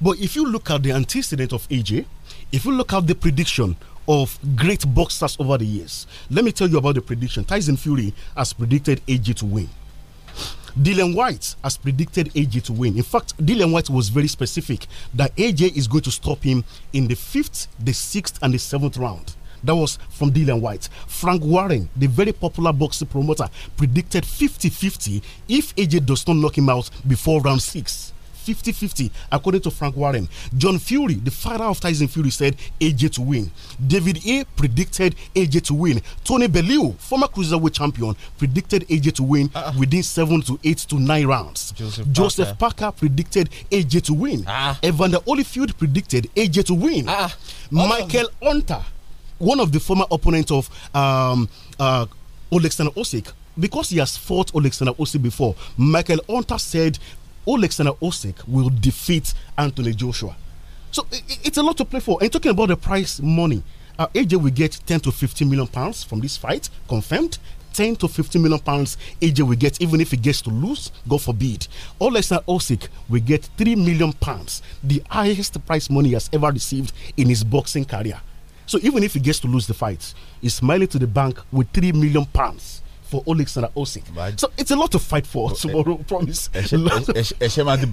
But if you look at the antecedent of AJ, if you look at the prediction of great boxers over the years. Let me tell you about the prediction. Tyson Fury has predicted AJ to win. Dylan White has predicted AJ to win. In fact, Dylan White was very specific that AJ is going to stop him in the fifth, the sixth, and the seventh round. That was from Dylan White. Frank Warren, the very popular boxing promoter, predicted 50 50 if AJ does not knock him out before round six. 50 50, according to Frank Warren. John Fury, the father of Tyson Fury, said AJ to win. David A predicted AJ to win. Tony Bellew, former cruiserweight champion, predicted AJ to win uh -uh. within seven to eight to nine rounds. Joseph, Joseph Parker. Parker. predicted AJ to win. Uh Evander Holyfield predicted AJ to win. Michael Hunter, one of the former opponents of um, uh, Alexander Osik, because he has fought Alexander Osik before, Michael Hunter said Oleksandr Osik will defeat Anthony Joshua. So it, it's a lot to play for. And talking about the prize money, uh, AJ will get 10 to 15 million pounds from this fight, confirmed. 10 to 15 million pounds AJ will get, even if he gets to lose, God forbid. Oleksandr Osik will get 3 million pounds, the highest prize money he has ever received in his boxing career. So even if he gets to lose the fight, he's smiling to the bank with 3 million pounds for Oleg and Osik. So it's a lot to fight for tomorrow, promise. (laughs) it does not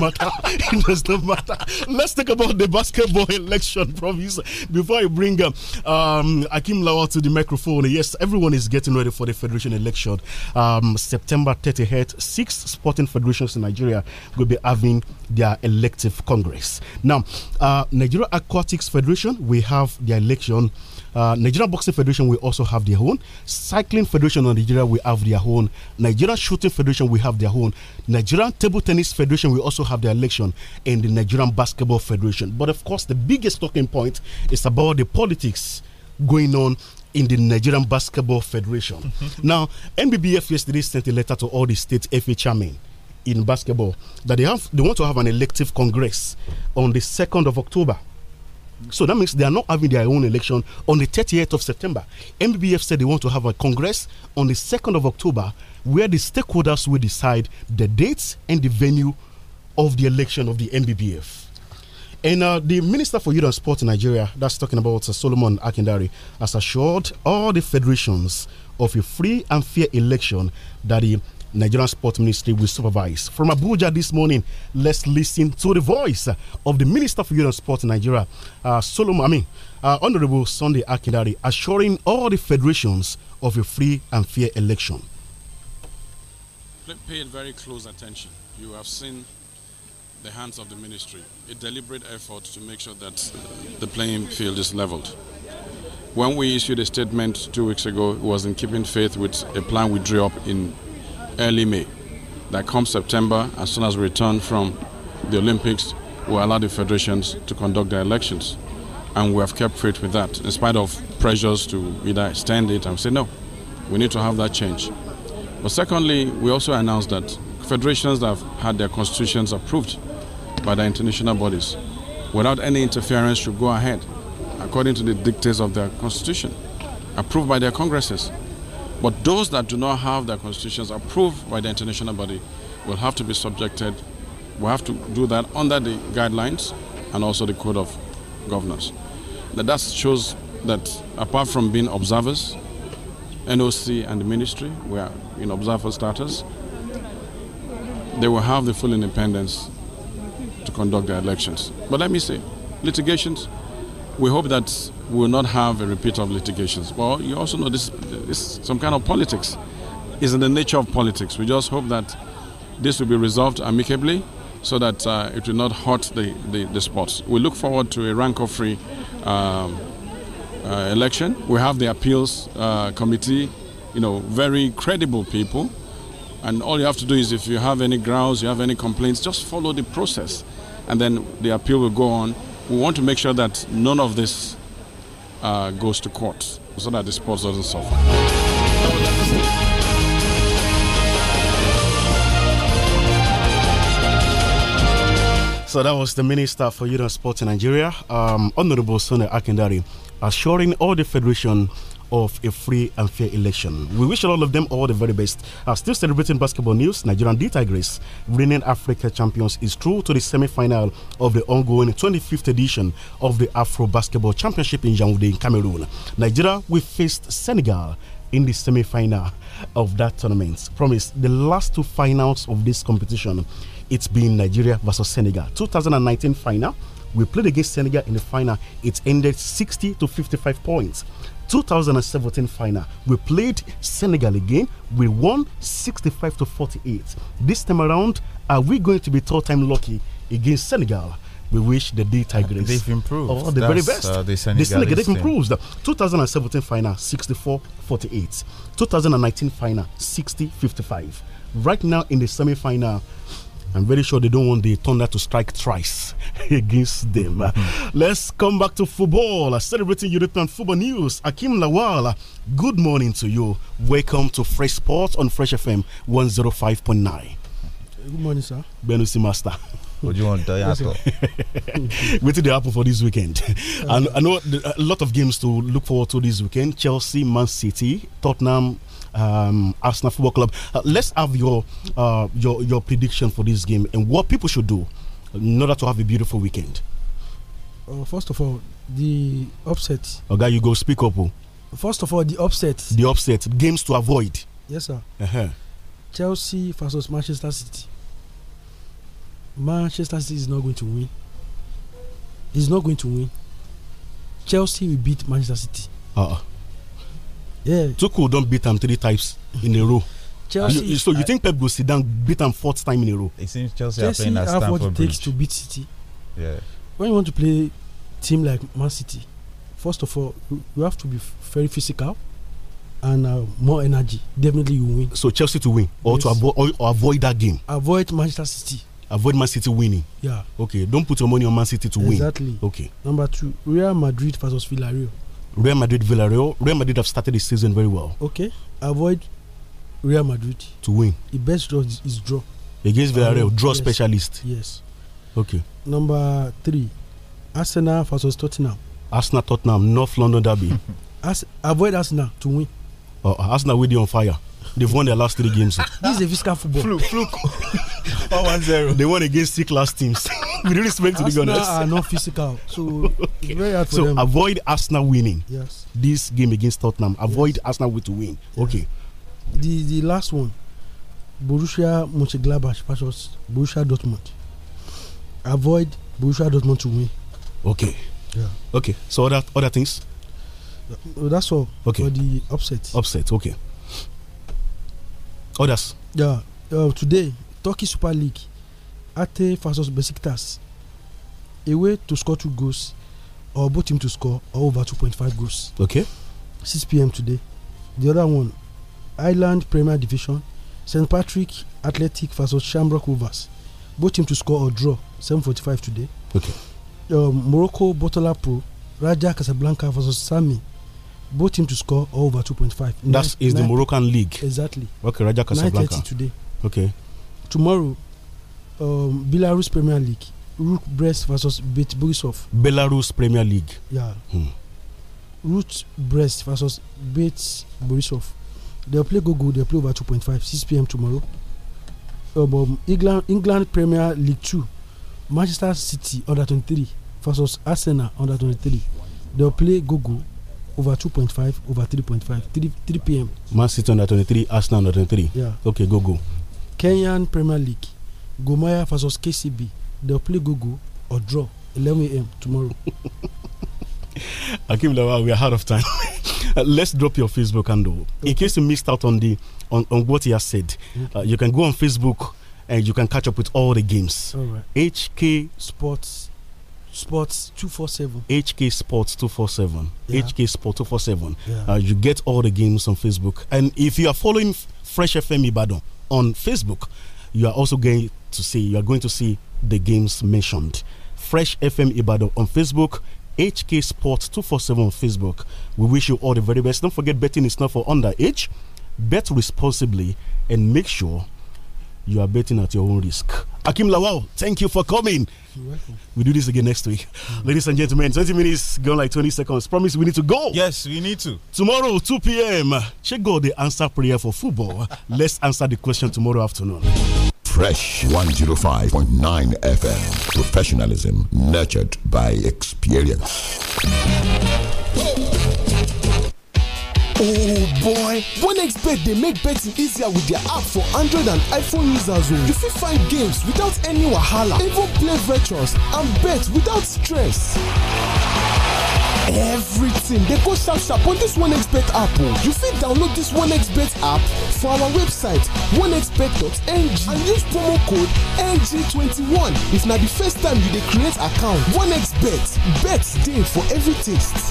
matter. It does not matter. Let's talk about the basketball election, (laughs) promise. Before I bring um, um, Akim Lawal to the microphone, yes, everyone is getting ready for the federation election. Um, September 30th, six sporting federations in Nigeria will be having their elective congress. Now, uh, Nigeria Aquatics Federation, we have their election. Uh, Nigerian Boxing Federation will also have their own. Cycling Federation of Nigeria will have their own. Nigerian Shooting Federation will have their own. Nigerian Table Tennis Federation will also have their election and the Nigerian Basketball Federation. But of course, the biggest talking point is about the politics going on in the Nigerian Basketball Federation. Mm-hmm. now, NBBF yesterday sent a letter to all the state FA chairmen in basketball that they have they want to have an elective congress on the 2nd of October so that means they are not having their own election on the 30th of September. MBBF said they want to have a congress on the 2nd of October where the stakeholders will decide the dates and the venue of the election of the MBBF. And uh, the Minister for Youth and Sport in Nigeria, that's talking about uh, Solomon Akindari, has assured all the federations of a free and fair election that the Nigerian Sports Ministry will supervise. From Abuja this morning, let's listen to the voice of the Minister for Youth and Sport in Nigeria, uh, Solomon, I mean, uh, Honorable Sunday Akindari, assuring all the federations of a free and fair election. Paying very close attention. You have seen the hands of the ministry, a deliberate effort to make sure that the playing field is leveled. When we issued a statement two weeks ago, it was in keeping faith with a plan we drew up in early May. That come September, as soon as we return from the Olympics, we allow the federations to conduct their elections. And we have kept faith with that, in spite of pressures to either extend it and say, no, we need to have that change. But secondly, we also announced that federations that have had their constitutions approved by the international bodies, without any interference, should go ahead according to the dictates of their constitution, approved by their congresses. But those that do not have their constitutions approved by the international body will have to be subjected, will have to do that under the guidelines and also the code of governance. Now that shows that apart from being observers, NOC and the ministry, we are in observer status, they will have the full independence to conduct their elections. But let me say, litigations, we hope that we will not have a repeat of litigations. Well, you also know this is some kind of politics. It's in the nature of politics. We just hope that this will be resolved amicably so that uh, it will not hurt the, the, the sports. We look forward to a rancor-free um, uh, election. We have the appeals uh, committee, you know, very credible people. And all you have to do is if you have any grounds, you have any complaints, just follow the process. And then the appeal will go on. We want to make sure that none of this uh, goes to court so that the sport doesn't suffer. So that was the Minister for Youth and sports in Nigeria, um, Honorable Sone Akindari, assuring all the federation of a free and fair election. We wish all of them all the very best. Uh, still celebrating basketball news, Nigerian D Tigers reigning Africa champions is through to the semi-final of the ongoing 25th edition of the Afro Basketball Championship in Yaoundé in Cameroon. Nigeria will face Senegal in the semi-final of that tournament. Promise the last two finals of this competition, it's been Nigeria versus Senegal. 2019 final, we played against Senegal in the final. It ended 60 to 55 points. 2017 final, we played Senegal again. We won 65 to 48. This time around, are we going to be third time lucky against Senegal? we wish the day Tigers. They've improved. Oh, the That's, very best. Uh, the Senegal. the Senegal, they've improved. 2017 final 64 48. 2019 final 60 55. Right now in the semi final, I'm very sure they don't want the Thunder to strike thrice (laughs) against them. Mm Let's come back to football. Celebrating European football news. Akim Lawal, good morning to you. Welcome to Fresh Sports on Fresh FM 105.9. Good morning, sir. Benusi Master. do you want (laughs) to tell Wait till they happen for this weekend. and I know a lot of games to look forward to this weekend. Chelsea, Man City, Tottenham um, Arsenal Football Club. Uh, let's have your uh, your your prediction for this game and what people should do in order to have a beautiful weekend. Uh, first of all, the upset. Okay, you go speak up. Oh. First of all, the upset. The upset games to avoid. Yes, sir. -huh. Chelsea versus Manchester City. Manchester City is not going to win. He's not going to win. Chelsea will beat Manchester City. Uh -uh. yeah. Tuchel don beat am three times in a row. Chelsea, you, so you I, think Pep go sit down beat am fourth time in a row? It seems Chelsea, Chelsea are playing at Stamford have what it takes to beat City. Yeah. When you want to play team like Man City, first of all, you have to be very physical and uh, more energy. Definitely, you win. So Chelsea to win or yes. to avoid or, or avoid that game. Avoid Manchester City. Avoid Man City winning. Yeah. Okay. Don't put your money on Man City to exactly. win. Exactly. Okay. Number two, Real Madrid versus Villarreal. Real Madrid, Villarreal. Real Madrid have started the season very well. Okay, avoid Real Madrid to win. The best draw is, is draw against Villarreal. Um, draw yes, specialist. Yes. Okay. Number three, Arsenal versus Tottenham. Arsenal Tottenham North London derby. (laughs) As, avoid Arsenal to win. Uh, Arsenal will be on fire. They've won their last three games. Ah, this is a fiscal football. Fluke, fluke. One one zero. They won against six class teams. (laughs) We really respect to be honest. Arsenal are not physical, so okay. very hard for so them. So avoid Arsenal winning. Yes. This game against Tottenham, avoid yes. Arsenal to win. Yes. Okay. The the last one, Borussia Mönchengladbach versus Borussia Dortmund. Avoid Borussia Dortmund to win. Okay. Yeah. Okay. So other other things. That's all. Okay. For the upset. Upset. Okay others. Yeah, uh, today Turkey Super League, Ate versus Besiktas, a way to score two goals, or both teams to score or over two point five goals. Okay. Six p.m. today. The other one, Ireland Premier Division, St Patrick Athletic versus Shamrock Rovers, both teams to score or draw. Seven forty-five today. Okay. Uh, Morocco Bottler Pro, Raja Casablanca versus Sami both teams to score or over 2.5. That is the Moroccan league. Exactly. Okay, Raja Casablanca. today. Okay. Tomorrow, um, Belarus Premier League, Rook Brest versus Bet Borisov. Belarus Premier League. Yeah. Hmm. Root Brest versus Bet Borisov. They'll play go go. They'll play over 2.5. 6 p.m. tomorrow. Um, um, England, England Premier League Two, Manchester City under 23 versus Arsenal under 23. They'll play go go over 2.5 over 3.5 3 3 p.m. Man City under 23, Arsenal under 23. Yeah. Okay, go go. Kenyan Premier League, Gomaya versus KCB. They'll play go go or draw 11 a.m. tomorrow. (laughs) Akim we are out of time. (laughs) Uh, let's drop your Facebook handle okay. in case you missed out on the on, on what he has said. Okay. Mm. Uh, you can go on Facebook and you can catch up with all the games. All right. HK Sports Sports 247. HK Sports 247. Yeah. HK Sports 247. Yeah. Uh, you get all the games on Facebook. And if you are following Fresh FM Ibadan on Facebook, you are also going to see you are going to see the games mentioned. Fresh FM Ibadan on Facebook, HK Sports 247 on Facebook. We wish you all the very best. Don't forget betting is not for underage. Bet responsibly and make sure you are betting at your own risk. Akim Lawal, thank you for coming. You're welcome. We do this again next week. Mm. Ladies and gentlemen, 20 minutes gone like 20 seconds. Promise we need to go. Yes, we need to. Tomorrow, 2 p.m. Check out the answer prayer for football. (laughs) Let's answer the question tomorrow afternoon. Fresh 105.9 FM. Professionalism nurtured by experience. oh boy onexbet dey make betting easier with their app for android and iphone users o oh. you fit find games without any wahala even play virtuals and bet without stress everything dey go sharp sharp on dis onexbet app o oh. you fit download dis onexbet app for our website onexbet.ng and use promo code ng21 if not the first time you dey create account onexbet bets dey for every taste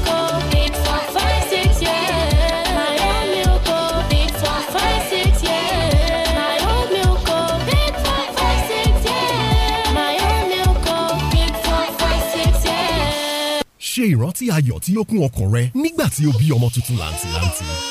ìrántí ayọ̀ tí ó kún ọkàn rẹ nígbà tí o bí ọmọ tuntun làǹtìlanti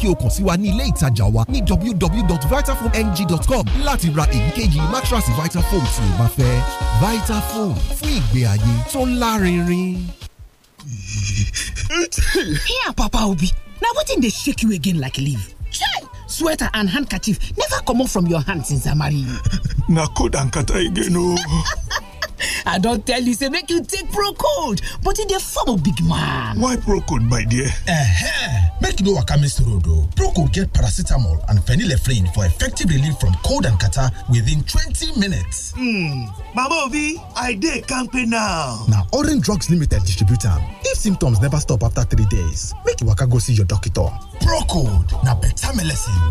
kí o kàn sí wa ní ilé ìtajà wa ní www.vitafoamng.com láti ra èyíkéyìí mátrasì Vitafoam tí o bá fẹ́ Vitafoam fún ìgbé ayé tó lárinrin. Here Papa Obi, na wetin dey shake you again like leaf? Chai! Sweater and handkerchief never comot from your hand since I marry you. (laughs) Na cold and kata again o. Oh. (laughs) i don't tell you say make you take procold but e dey form of big man why procold my dear? eh make you know what miss road though. procold get paracetamol and phenylephrine for effective relief from cold and catar within 20 minutes hmm mama obi i dey campaign now Now orange drugs limited distributor. if symptoms never stop after three days make you waka go see your doctor procold na beta melecine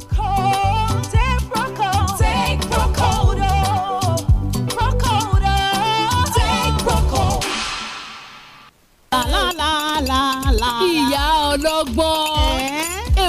ọlọ́gbọ́n.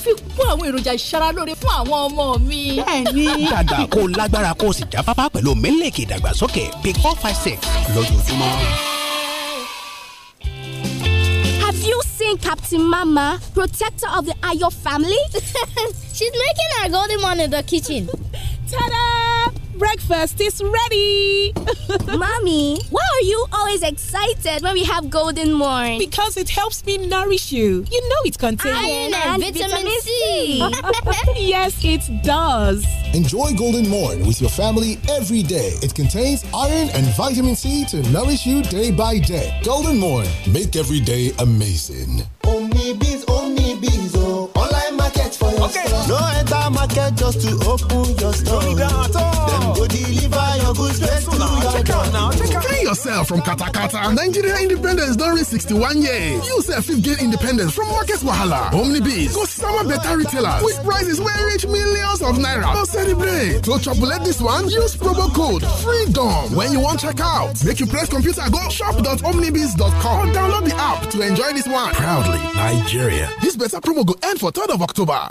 fi kún àwọn èròjà ìṣaralóore fún àwọn ọmọ mi. bẹ́ẹ̀ni. (laughs) dàgbà kó lágbára kó sì jáfáfá pẹ̀lú mílíkì ìdàgbàsókè big four five six lójoojúmọ́. Have you seen Captain Mama, protector of the Ayo family? (laughs) She's making her golden one in the kitchen. Tada! Breakfast is ready. (laughs) Mommy, why are you always excited when we have Golden Morn? Because it helps me nourish you. You know it contains iron and, and vitamin, vitamin C. C. (laughs) (laughs) yes, it does. Enjoy Golden Morn with your family every day. It contains iron and vitamin C to nourish you day by day. Golden Morn, make every day amazing. Only only okay. No enter market just to open your store. Don't need that at all. go deliver your goods straight to your check door. Out now, check out. Free yourself from katakata. Nigeria independence don reach 61 years. You sef fifth gain independence from market wahala. Omnibiz go sama better retailers with prices where reach millions of naira. No celebrate. To chopulate this one, use promo code FREEDOM when you want check out. Make you press computer go shop.omnibiz.com. or download the app to enjoy this one. Proudly Nigeria. This better promo go end for 3rd of October.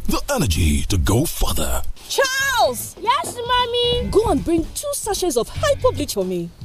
the energy to go further. Charles! Yes, mommy? Go and bring two sachets of hypo bleach for me.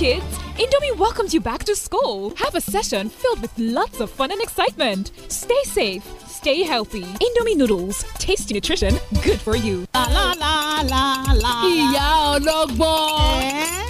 kids! Indomie welcomes you back to school. Have a session filled with lots of fun and excitement. Stay safe, stay healthy. Indomie noodles, tasty nutrition, good for you. La la la la la. la. ọlọ́gbọ́n.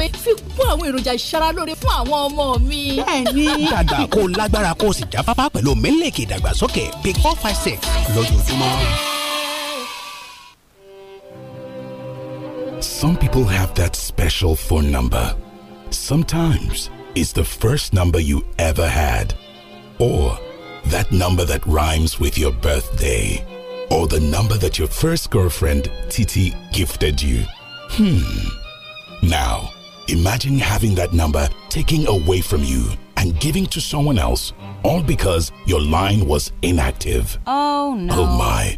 pé fi kún àwọn èròjà fún àwọn ọmọ mi. bẹ́ẹ̀ni. kó lágbára kó sì jáfáfá pẹ̀lú mílíkì ìdàgbàsókè big four five six lójoojúmọ́. Some people have that special phone number. Sometimes it's the first number you ever had, or that number that rhymes with your birthday, or the number that your first girlfriend, Titi, gifted you. Hmm. Now, Imagine having that number taken away from you and giving to someone else, all because your line was inactive. Oh no. Oh my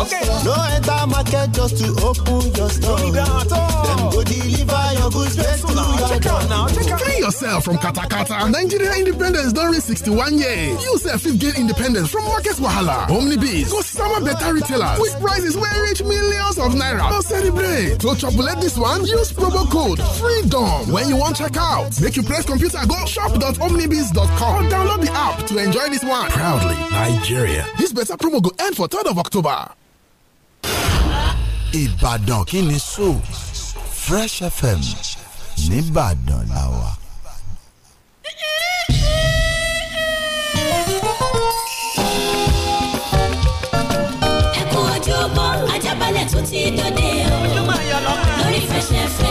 okay. No enter market just to open your store. Then go deliver your goods straight to your out. Free yourself from katakata. Nigeria independence don reach 61 years. You sef fifth gain independence from market wahala. Omnibs go sama better retailers with prices where reach millions of naira. No celebrate. To chopulate this one, use promo code FREEDOM when you want check out. Make you press computer go shop.omnibs.com or download the app to enjoy this one. Proudly Nigeria. This better promo go end for 3rd of October. Ìbàdàn kí ni so Fresh FM nìbàdàn la wà. ẹ kú ojúbọ Ajábalẹ̀ tó ti dòde o lórí Fresh FM.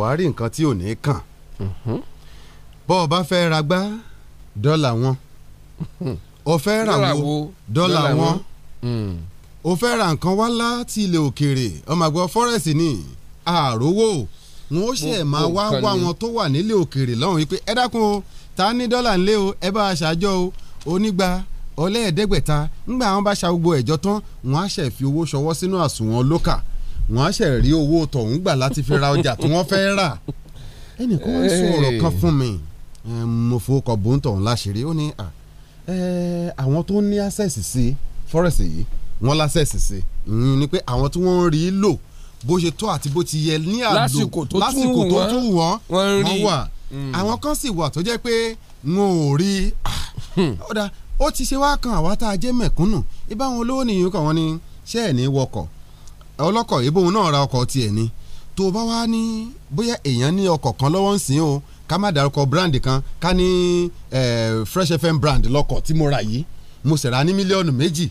wàá rí nǹkan tí ò ní kàn bọ́ ọ bá fẹ́ ra gbá dọ́là wọn o fẹ́ ra wo dọ́là wọn hmm. o fẹ́ ra nǹkan wá láti ilẹ̀ òkèèrè ọmọ àgbọ̀ fọ́rẹ́sì ni àròwò wọn ó ṣe máa wá wá wọn tó wà nílẹ̀ òkèèrè lọ́hùn yìí pé ẹ dákun o ta ní dọ́là ńlẹ̀ o ẹ bá a ṣàjọ o onígba ọlẹ́ẹ̀ẹ́dẹ́gbẹ̀ta ńgbà àwọn bá ṣa gbogbo ẹ̀jọ́ tán wọn á ṣe fi owó ṣọwọ́ sínú àsùnwọ̀n lókà wọ́n á ṣe rí owó tọ̀hún gbà láti fi ra ọjà tí wọ́n fẹ́ rà ẹnìkan wọ́n sọ ọ̀rọ̀ kan fún mi mo fowókọ̀ bóńtọ̀hún láṣìírí ó ní àwọn tó ní access sí forex yìí wọ́n lásẹ̀sì sí ni pé àwọn tí wọ́n ń rí lò bó ṣe tó àti bó ti yẹ ní àlò lásìkò tó tún wọ́n wọ́n wà hmm. àwọn kan sì wà tó jẹ́ pé wọn ò rí hmm. ó ti ṣe wá kan àwa tá a jẹ́ mẹ̀kúnnù ibà wọn olówó nìyí kan wọn ni ṣẹ́ẹ̀ ní wọkọ̀ ọlọ́kọ̀ ebóun náà ra ọkọ̀ tiẹ̀ ni tó o bá wá ní bóyá èèyàn ní ọkọ̀ kan lọ́wọ́ ń sìn o ká má dárúkọ brand kan ká ní Fresh FM brand lọ́kọ̀ tí mo rà yìí mo sì rà ní mílíọ̀nù méjì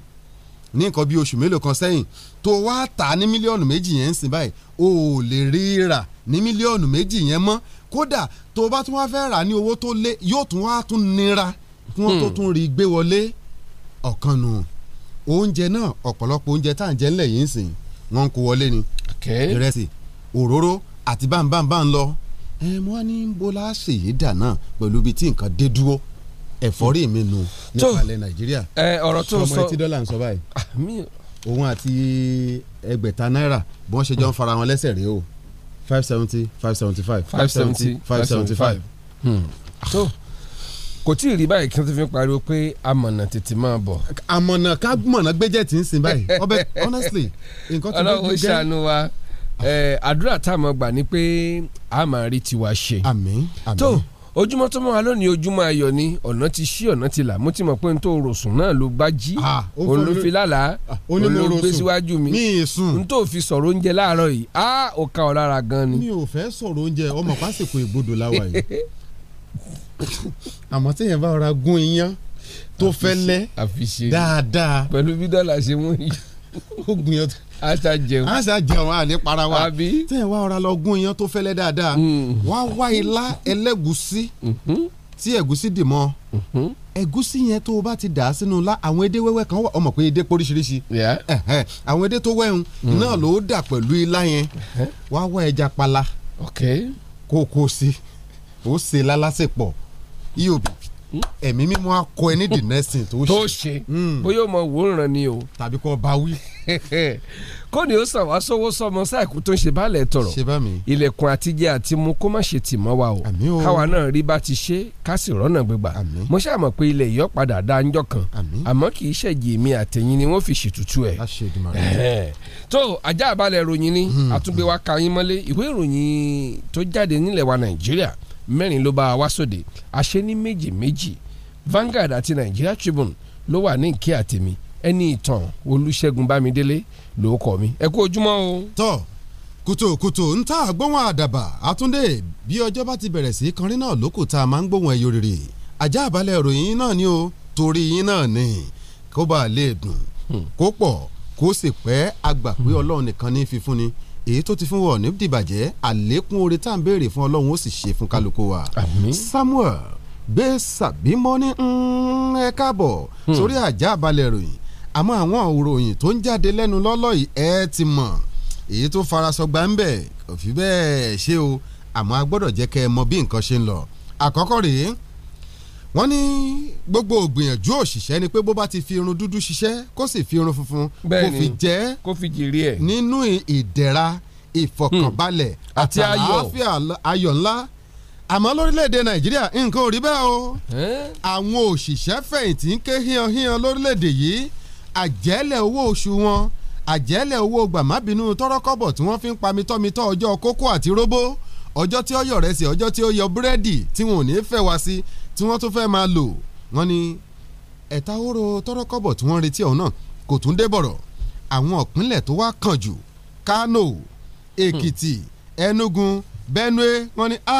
ní nǹkan bíi oṣù mélòó kan sẹ́yìn tó wá tà ní mílíọ̀nù méjì yẹn ń sìn báyìí o ò lè rí rà ní mílíọ̀nù méjì yẹn mọ́ kódà tó o bá tún wá fẹ́ rà ní owó tó lé yóò tún wá tún nira kí wọ́n tó hmm. tún rí gbé wọlé ọ̀kan oúnjẹ náà ọ̀pọ̀lọpọ̀ oúnjẹ tá ń jẹ ńlẹ̀ yìí ń sìn wọ́n ń kó wọlé ni ìrẹsì òróró àti báńbáńbá ń lọ ẹ mọ́ ní bọ́lá ṣèyí dà náà pẹ̀lú ibi tí nǹkan dé dúró ẹ̀fọ́rí mi nu nípalẹ̀ nàìjíríà ọ̀rọ̀ tó sọ ọmọ etí dọ́là ń sọ báyìí ah, òun àti ẹgbẹ̀ta náírà bí wọ́n ṣe jọ ń fara wọn lẹ́sẹ̀ rèé o five seventy five seventy five five seventy five seventy five. Hmm kò tí ì rí báyìí kí n tó fi pariwo pé amọ̀nà tètè máa bọ̀. amọ̀nà ká mọ̀nà gbẹ́jẹ́ tí ń sin báyìí (laughs) ọbẹ̀ honestly nǹkan tó lójú gẹ́. ọlọ́run ṣàánú wa àdúrà tá a mọ̀ gbà ni pé a máa rí tiwa ṣe. àmín àmín. tó ojúmọ́ tó mọ́ wa lónìí ojúmọ́ ayọ̀ ni ọ̀nà ti ṣí ọ̀nà ti là mo ti mọ̀ pé n tó rosùn náà ló bá jí òun ló fi lálàá òun ló gbé síwájú mi n tó fi sọ̀rọ̀ oúnjẹ láàárọ̀ yìí á ò ka lára gan ni. mi ò fẹ́ sọ̀rọ̀ oúnjẹ ọmọ pásìkò ìgbodò láwa (laughs) àmọ́ téèyàn bá ra gún iyán tó fẹ́lẹ́ dáadáa. pẹ̀lú bí dọ́là ṣe mú yìí. ó gùn yẹn tó àṣà jẹun àṣà jẹun àní para wa tẹ́yìn wá ọ̀rá lọ gún iyán tó fẹ́lẹ́ dáadáa mm-hmm. wá wá ilá ẹlẹ́gùsí mm-hmm. tí ẹ̀gúsí dì mọ́ mm-hmm. ẹ̀gúsí yẹn tó o bá ti dà á sínú ńlá àwọn edé wẹ́wẹ́ kan wà ọmọ pé edé poríṣiríṣi àwọn edé tó wẹ́hun mm. náà ló dà pẹ̀lú ilá yẹn wá wá ẹja pala kó o kó o sí o ṣe lálásèpọ̀ eob ẹ̀mí mímọ́ akọ ẹ ní the next thing tó ṣe. tó ṣe hmm. bóyá o wòran ni o. tàbí kò bá wí. (laughs) kó ni ó sàn wá sówó sọmọ sáìkú tó ń ṣe báàlẹ̀ tọ̀rọ̀ ilẹ̀kùn àtijẹ́ àti mu kó má ṣe tì mọ́ wa o káwa náà rí bá ti ṣe ká sì rọ́nà gbégbà mo ṣàmọ̀ pé ilẹ̀ yọ padà dá njọ́ kan àmọ́ kì í ṣẹ̀jì mi àtẹ̀yìn ni wọ́n fi ṣètùtù ẹ̀. tó ajá àbálẹ̀ ròyìn ni àtúgbéwá hmm. ka yín mọ́lé ìwé ìròyìn tó jáde nílẹ̀ wa Nàìjíríà mẹ́rin ló bá wa sóde àṣẹ ní méjì méjì Vanguard àti Nigeria Tribune ló wà ní ìkí àtẹ̀mí ẹni ìtàn Olúṣẹ́gun Bámidélé ló kọ́ mi ẹ kú ojúmọ́ o. tọ́ kùtùkùtù ń ta àgbóhùn àdàbà àtúndé bí ọjọ́ bá ti bẹ̀rẹ̀ sí kọrin náà lókù tá a máa ń gbóhùn ẹ̀yọ́ rere ajá àbálẹ̀ ìròyìn náà ni o torí yín náà ni kó bá a lè dùn kó pọ̀ kó sì pẹ́ àgbà pé ọlọ́run nìkan ní fífúnni èyí tó ti fún wa ò ní dìbàjẹ́ àlékún oore tá à ń béèrè fún ọlọ́run ó sì ṣe fún kálukú wa. àmín. Samuel gbé sàbímọ́ ní mm, ẹ káàbọ̀ hmm. sórí àjà balẹ̀ ròyìn àmọ́ àwọn òròyìn tó ń jáde lẹ́nu lọ́lọ́ yìí ẹ ti mọ̀ èyí tó farasọgbà ń bẹ̀ kò bẹ́ẹ̀ ṣe o àmọ́ a gbọ́dọ̀ jẹ́ kẹ́ ẹ mọ bí nǹkan ṣe ń lọ àkọ́kọ́ rèé wọ́n ní gbogbo ògbìyànjú òṣìṣẹ́ ni pé bó bá ti fi irun dúdú ṣiṣẹ́ kó sì fi irun funfun kó fi jẹ́ kó fi jèrè ẹ̀ nínú ìdẹ̀ra ìfọkànbalẹ̀ hmm. àti àlàáfíà ayọ̀ ńlá àmọ́ lórílẹ̀‐èdè nàìjíríà nǹkan ò rí bẹ́ẹ̀ o àwọn òṣìṣẹ́ fẹ̀yìntì ń ké híyanhíyan lórílẹ̀‐èdè yìí àjẹ́lẹ̀ owó oṣù wọn àjẹ́lẹ̀ owó gbàmábínú tọ́rọ́kọ́bọ̀ tí wọ́n fi ń pamitọ́mitọ́ ọjọ́ kókó àti róbó ọjọ́ tí ó yọ̀ rẹ̀ sí ọjọ́ tí ó yọ búrẹ́dì tí wọn ò ní fẹ́ wá sí tí wọ́n tún fẹ́ máa lò wọ́n ní ẹ̀ta oró tọ́rọ́kọ́bọ̀ tí wọ́n retí ọ̀hún náà kò tún dé bọ̀rọ̀ àwọn ìpínlẹ̀ tó wá kàn jù Kano Èkìtì Enugu Benue wọ́n ní a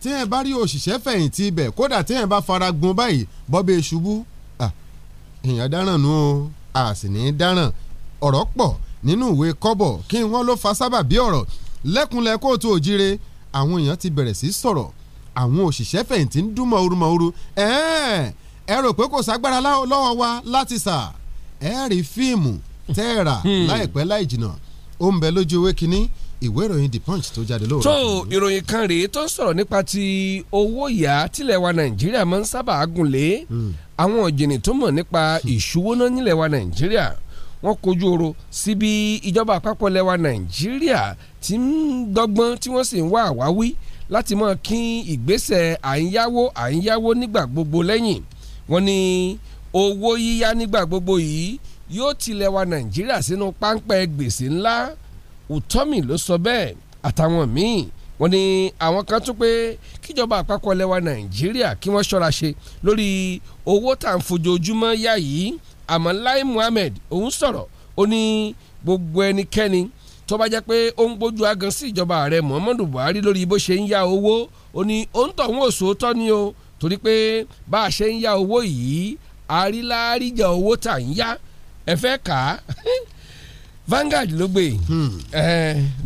tí ẹ̀ bá rí òṣìṣẹ́ fẹ̀yìntì ibẹ̀ kódà tí ẹ̀ bá fara gun báyìí bọ́bẹ̀ ṣubú èèyàn dáràn nù o a sì ní dáràn ọ̀rọ̀ pọ̀ nínú ìwé kọ́bọ̀ kí wọ́n ló fa sábà bí ọ̀rọ̀ lẹ́kùnlẹ̀ kóòtù òjire àwọn èèyàn ti bẹ̀rẹ̀ sí sọ̀rọ̀ àwọn òṣìṣẹ́ fẹ̀yìntì ń dún mọ̀ọ́rú mọ̀ọ́rú ẹ rò pé kò ságbára lọ́wọ́ wa láti sà ẹ rí fíìmù tẹ́ ẹ rà hmm. láìpẹ́ láì jìnnà ó ń bẹ lójú ewé kínní ìwé ìròyìn the punch tó jáde lóòrọ̀. tó ìròyìn kan rèé tó ń sọ̀rọ̀ nípa ti owó yá tilẹ̀ wa nàìjíríà máa ń sábà gùnlé hmm. àwọn òjìnì tó mọ̀ nípa ìṣúwóná nílẹ̀ wa nàìjíríà wọ́n kojú ọ̀rọ̀ sí bí ìjọba àpapọ̀ lẹ̀ nàìjíríà ti ń dọ́gbọ́n tí wọ́n sì ń wá àwáwí láti mọ̀ kín ìgbésẹ̀ àyíyáwó àyíyáwó nígbà gbogbo lẹ́yìn wọ́n ní owó yíyá nígbà gbogbo yìí yóò tilẹ̀ wa nàìjíríà sínú páńpẹ́ gbèsè ńlá Utomi ló sọ bẹ́ẹ̀ àtàwọn míì wọ́n ní àwọn kan tún pé kíjọba àpapọ̀ lẹ́wà nàìjíríà kí wọ́n ṣọ́ra ṣe lórí owó tá ń fojoojúmọ́ yá yìí àmọ́ Lai Muhammed òun sọ̀rọ̀ ó ní gbogbo ẹnikẹ́ni tó bá jẹ́ pé ó ń gbójú agan sí ìjọba ààrẹ Muhammadu Buhari lórí bó ṣe ń ya owó ó ní òǹtọ̀hún òṣòótọ́ ni o torí pé bá a ṣe ń ya owó yìí àríláríjà owó tà ń yá ẹ fẹ́ kà á (laughs) Vanguard ló gbé hmm.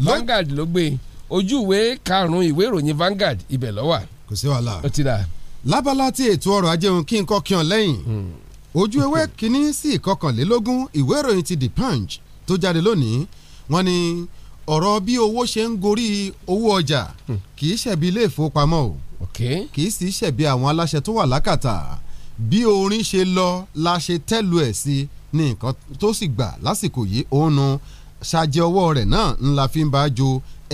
Vanguard ló gbé ojú ìwé karùn-ún ìwé ìròyìn Vanguard ibẹ̀ ló wà. kò sí wàhálà ó ti dà. lábala tí ètò ọrọ̀ ajé òun kí n kọ́ kíọ̀n lẹ́yìn hmm. ojú ewé kínní sí ìkọkànlélógún ìwé ìròyìn ti The Punch tó jáde lónìí wọ́n ní ọ̀rọ̀ bí owó ṣe ń gorí owó ọjà hmm. kì í ṣẹ̀bi ilé ìfowópamọ́ o kì í sì ṣẹ̀bi àwọn aláṣẹ tó wà lákàtà bí orin ṣe lọ la ṣe tẹ́lu ẹ̀ sí ní nǹkan tó sì gbà lásìkò yìí òun nu ṣàjẹ ọwọ́ rẹ̀ náà ńlá fi ń bá a jo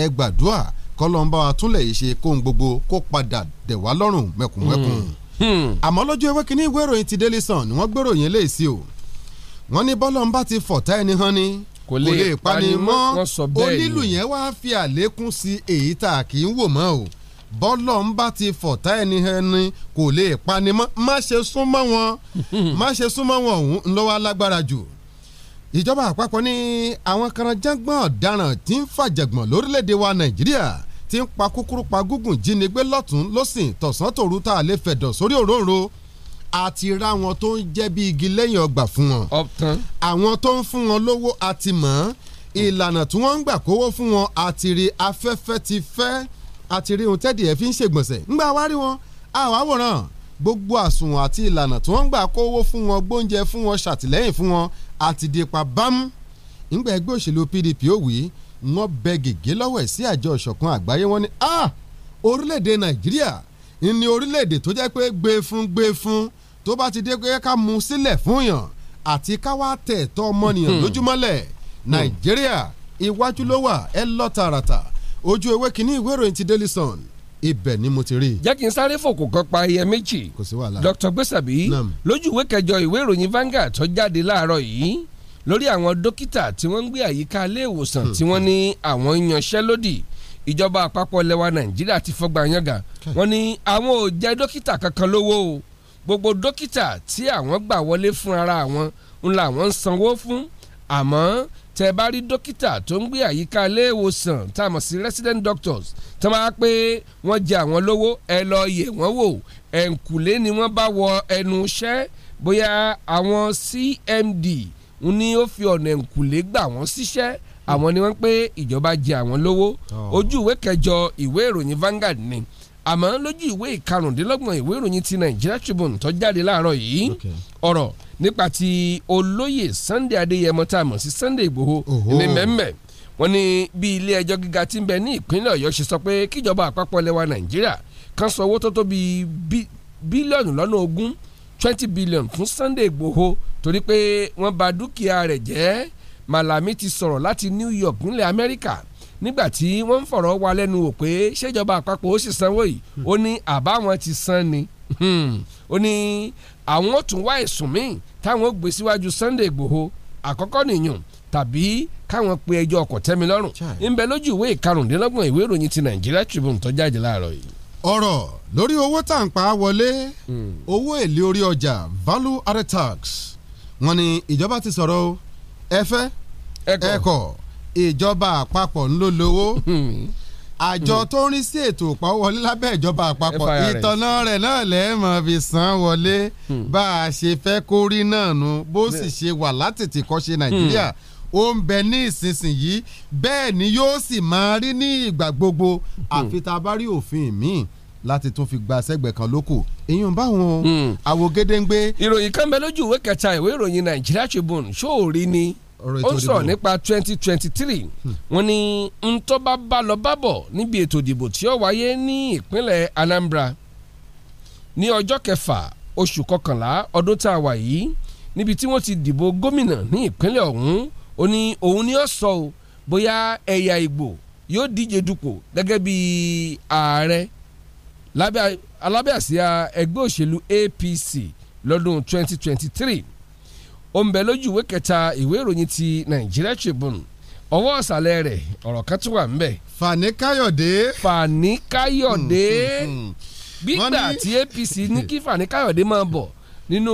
ẹgbàdúà kọlọ́nba àtúnlẹ̀ yìí ṣe kóhun gbogbo kó padà dẹ̀ lọ́rùn mẹ̀kúnmẹ́kún. Hmm. Hmm. àmọ́ lọ́jọ́ ewé kínní ìwé ìròyìn ti Daily Sun ni wọ́n gbèròyìn eléyìí sí o wọ́n ní bọ́lọ́mbà ti fọ̀tá ẹni hàn ni kò lè pani mọ́ onílù yẹn wá fi àlékún sí èyí tá a kì í wò mọ́ o bọ́lọ̀ ń bá ti fọ̀tá ẹni ẹni kò lè pani mọ́ má ṣe súnmọ́ wọn (laughs) má ṣe súnmọ́ wọn òun ńlọ́wọ́ alágbára jù ìjọba àpapọ̀ ní àwọn karanjágbọ̀n ọ̀daràn tí ń fàjẹ̀gbọ̀n lórílẹ̀‐èdè wa nàìjíríà ti ń pa kúkúrú pa gúngùn jínigbé lọ́tún lọ́sìn tọ̀sán tòru tá a lè fẹ̀dọ̀ sórí òróǹro a ti rá wọn tó ń jẹ́ bí igi lẹ́yìn ọgbà fún wọn. ọ̀tán. àwọn tó ń fún wọn lówó a ti mọ̀ ọ́n ìlànà tí wọ́n ń gbà kówó fún wọn a ti rí afẹ́fẹ́ ti fẹ́ a ti rí ohun tẹ́dì ẹ̀ fi ń ṣègbọ̀nsẹ̀ ńgbà wá rí wọn àwọn àwòrán gbogbo àsùnwọ̀n àti ìlànà tí wọ́n ń gbà kówó fún wọn gbóúnjẹ fún wọn ṣàtìlẹ́yìn fún wọn àti dípa bámú ńgbà ẹgbẹ́ òṣèlú PDP ó wí wọ́n bẹ gègé lọ́wọ́ sí àjọ ìṣọ̀kan àgbáyé wọn ni ah orílẹ̀-èdè Nàìjíríà ní orílẹ̀-èdè tó jẹ́ pé gbé fún gbé fún tó bá ti dé pé ká mú sílẹ̀ fún yàn àti ká wá tẹ̀ tọ́ ọmọnìyàn hmm. lójúmọ́lẹ̀ hmm. nàìjíríà iwájú ló wà ẹ lọ tààràtà ojú ewé kínní ìwé ìròyìn ti Daily Sun ni mo ti rí. jẹ́ kí n sáré fòkò kan pa ẹyẹ méjì Dr. Gbèsàbí lójú ìwé kẹjọ ìwé ìròyìn Vanguard tó jáde láàárọ̀ yìí lórí àwọn dókítà tí wọ́n ń gbé àyíká ilé ìwòsàn hmm. tí wọ́n ní àwọn yanṣẹ́ lódì ìjọba àpapọ̀ lẹwa Nàìjíríà ti fọgbà yangà wọ́n ní àwọn ò jẹ́ dókítà kankan lówó o gbogbo dókítà tí àwọn gbà wọlé fún ara àwọn ń la wọ́n ń sanwó fún àmọ́ tẹ bá rí dókítà tó ń gbé àyíká iléèwòsàn tá a mọ̀ sí resident doctors tó máa pé wọ́n jẹ àwọn lówó ẹ lọ yẹ̀ wọ́n wò ẹ̀ǹkùlé ni wọ́n bá wọ ẹnu iṣẹ́ bóyá àwọn CMD ni ó fi ọ̀nà ẹ̀ǹkùlé gbà wọ́n síṣẹ́ àwọn ni wọ́n pé ìjọba jẹ àwọn lówó oh. ojú ìwé kẹjọ ìwé ìròyìn Vanguard ni. Oh àmọ́ lójú ìwé ìkarùndínlọ́gbọ̀n ìwé ìròyìn ti Nigeria Tribune tó jáde láàárọ̀ yìí ọ̀rọ̀ nípa ti olóyè Sunday Adéyẹmọ tá a mọ̀ sí Sunday Ìgbòho ní mẹ́mẹ́ wọ́n ní bí ilé ẹjọ́ gíga ti ń bẹ ní ìpínlẹ̀ Ọ̀yọ́ ṣe sọ pé kíjọba àpapọ̀ lẹwa Nàìjíríà kan san owó tó tó bí bílíọ̀nù lọ́nà ogún twenty billion fún Sunday Ìgbòho torí pé wọ́n bà dúkìá rẹ̀ jẹ́ Malami ti sọ̀rọ̀ láti New York nílẹ̀ Amẹ́ríkà nígbà tí wọ́n ń fọ̀rọ̀ wá lẹ́nu wò pé ṣèjọba àpapọ̀ ó sì sanwó yìí hmm. ó ní àbáwọn ti san ni hmm. ó ní àwọn tún wá ẹ̀sùn míì táwọn gbé síwájú Sunday Igboho àkọ́kọ́ nìyàn tàbí káwọn pe ẹjọ́ ọkọ̀ tẹ́milọ́rùn ńbẹ lójú ìwé ìkarùndínlọ́gbọ̀n ìwé ìròyìn ti Nigeria Tribune tó jáde láàárọ̀ yìí. ọ̀rọ̀ lórí owó tá ń pa wọlé hmm. owó èlé orí ọjà value added tax wọ́n ní ìjọba ti sọ̀rọ̀ ẹ̀fẹ́ ẹ̀kọ́ ìjọba àpapọ̀ ń lò lówó (laughs) hmm. àjọ hmm. tó ń rí sí ètò ìpawówọlé lábẹ́ ìjọba àpapọ̀ ìtọ́nà rẹ̀ náà lẹ́ẹ̀mọ́ fi san wọlé hmm. bá a ṣe fẹ́ kó rí náà nu bó sì ṣe wà látìtì kọ́ ṣe nàìjíríà ó ń bẹ ní ìsinsìnyí bẹ́ẹ̀ ni yóò sì máa rí ní ìgbà gbogbo àfi tá a bá rí òfin míì láti tún fi gba sẹ́gbẹ̀ẹ́ kan lóko èyí ń bá wọn àwògedengbe. ìròyìn kan bẹ lójú ìwé kẹta ìwé ìròyìn Nigeria Tribune ṣó rí ni ó sọ̀rọ̀ nípa twenty twenty three hmm. wọ́n ní ntọ́ba bá lọ bábọ̀ níbi ètò ìdìbò tí ó wáyé ní ìpínlẹ̀ Anambra ní ọjọ́ kẹfà oṣù kọkànlá ọdún tá a wà yìí níbi tí wọ́n ti dìbò gómìnà ní ìpínlẹ̀ ọ̀hún ó ní òun ni ó sọ o bóyá ẹ̀yà Ìgbò yóò díje dupò gẹ́gẹ́ bí ààrẹ alábẹ́ àsíá ẹgbẹ́ òṣèlú APC lọ́dún twenty twenty three ó ń bẹ lójú ìwé kẹta ìwé ìròyìn ti Nigeria Tribune ọwọ́ ọ̀sàlẹ̀ rẹ̀ ọ̀rọ̀ kan tún wà ń bẹ. Fani Káyọ̀dé. Fani Káyọ̀dé gbígbà hmm, hmm, hmm, tí APC ní kí Fani Káyọ̀dé máa bọ̀ nínú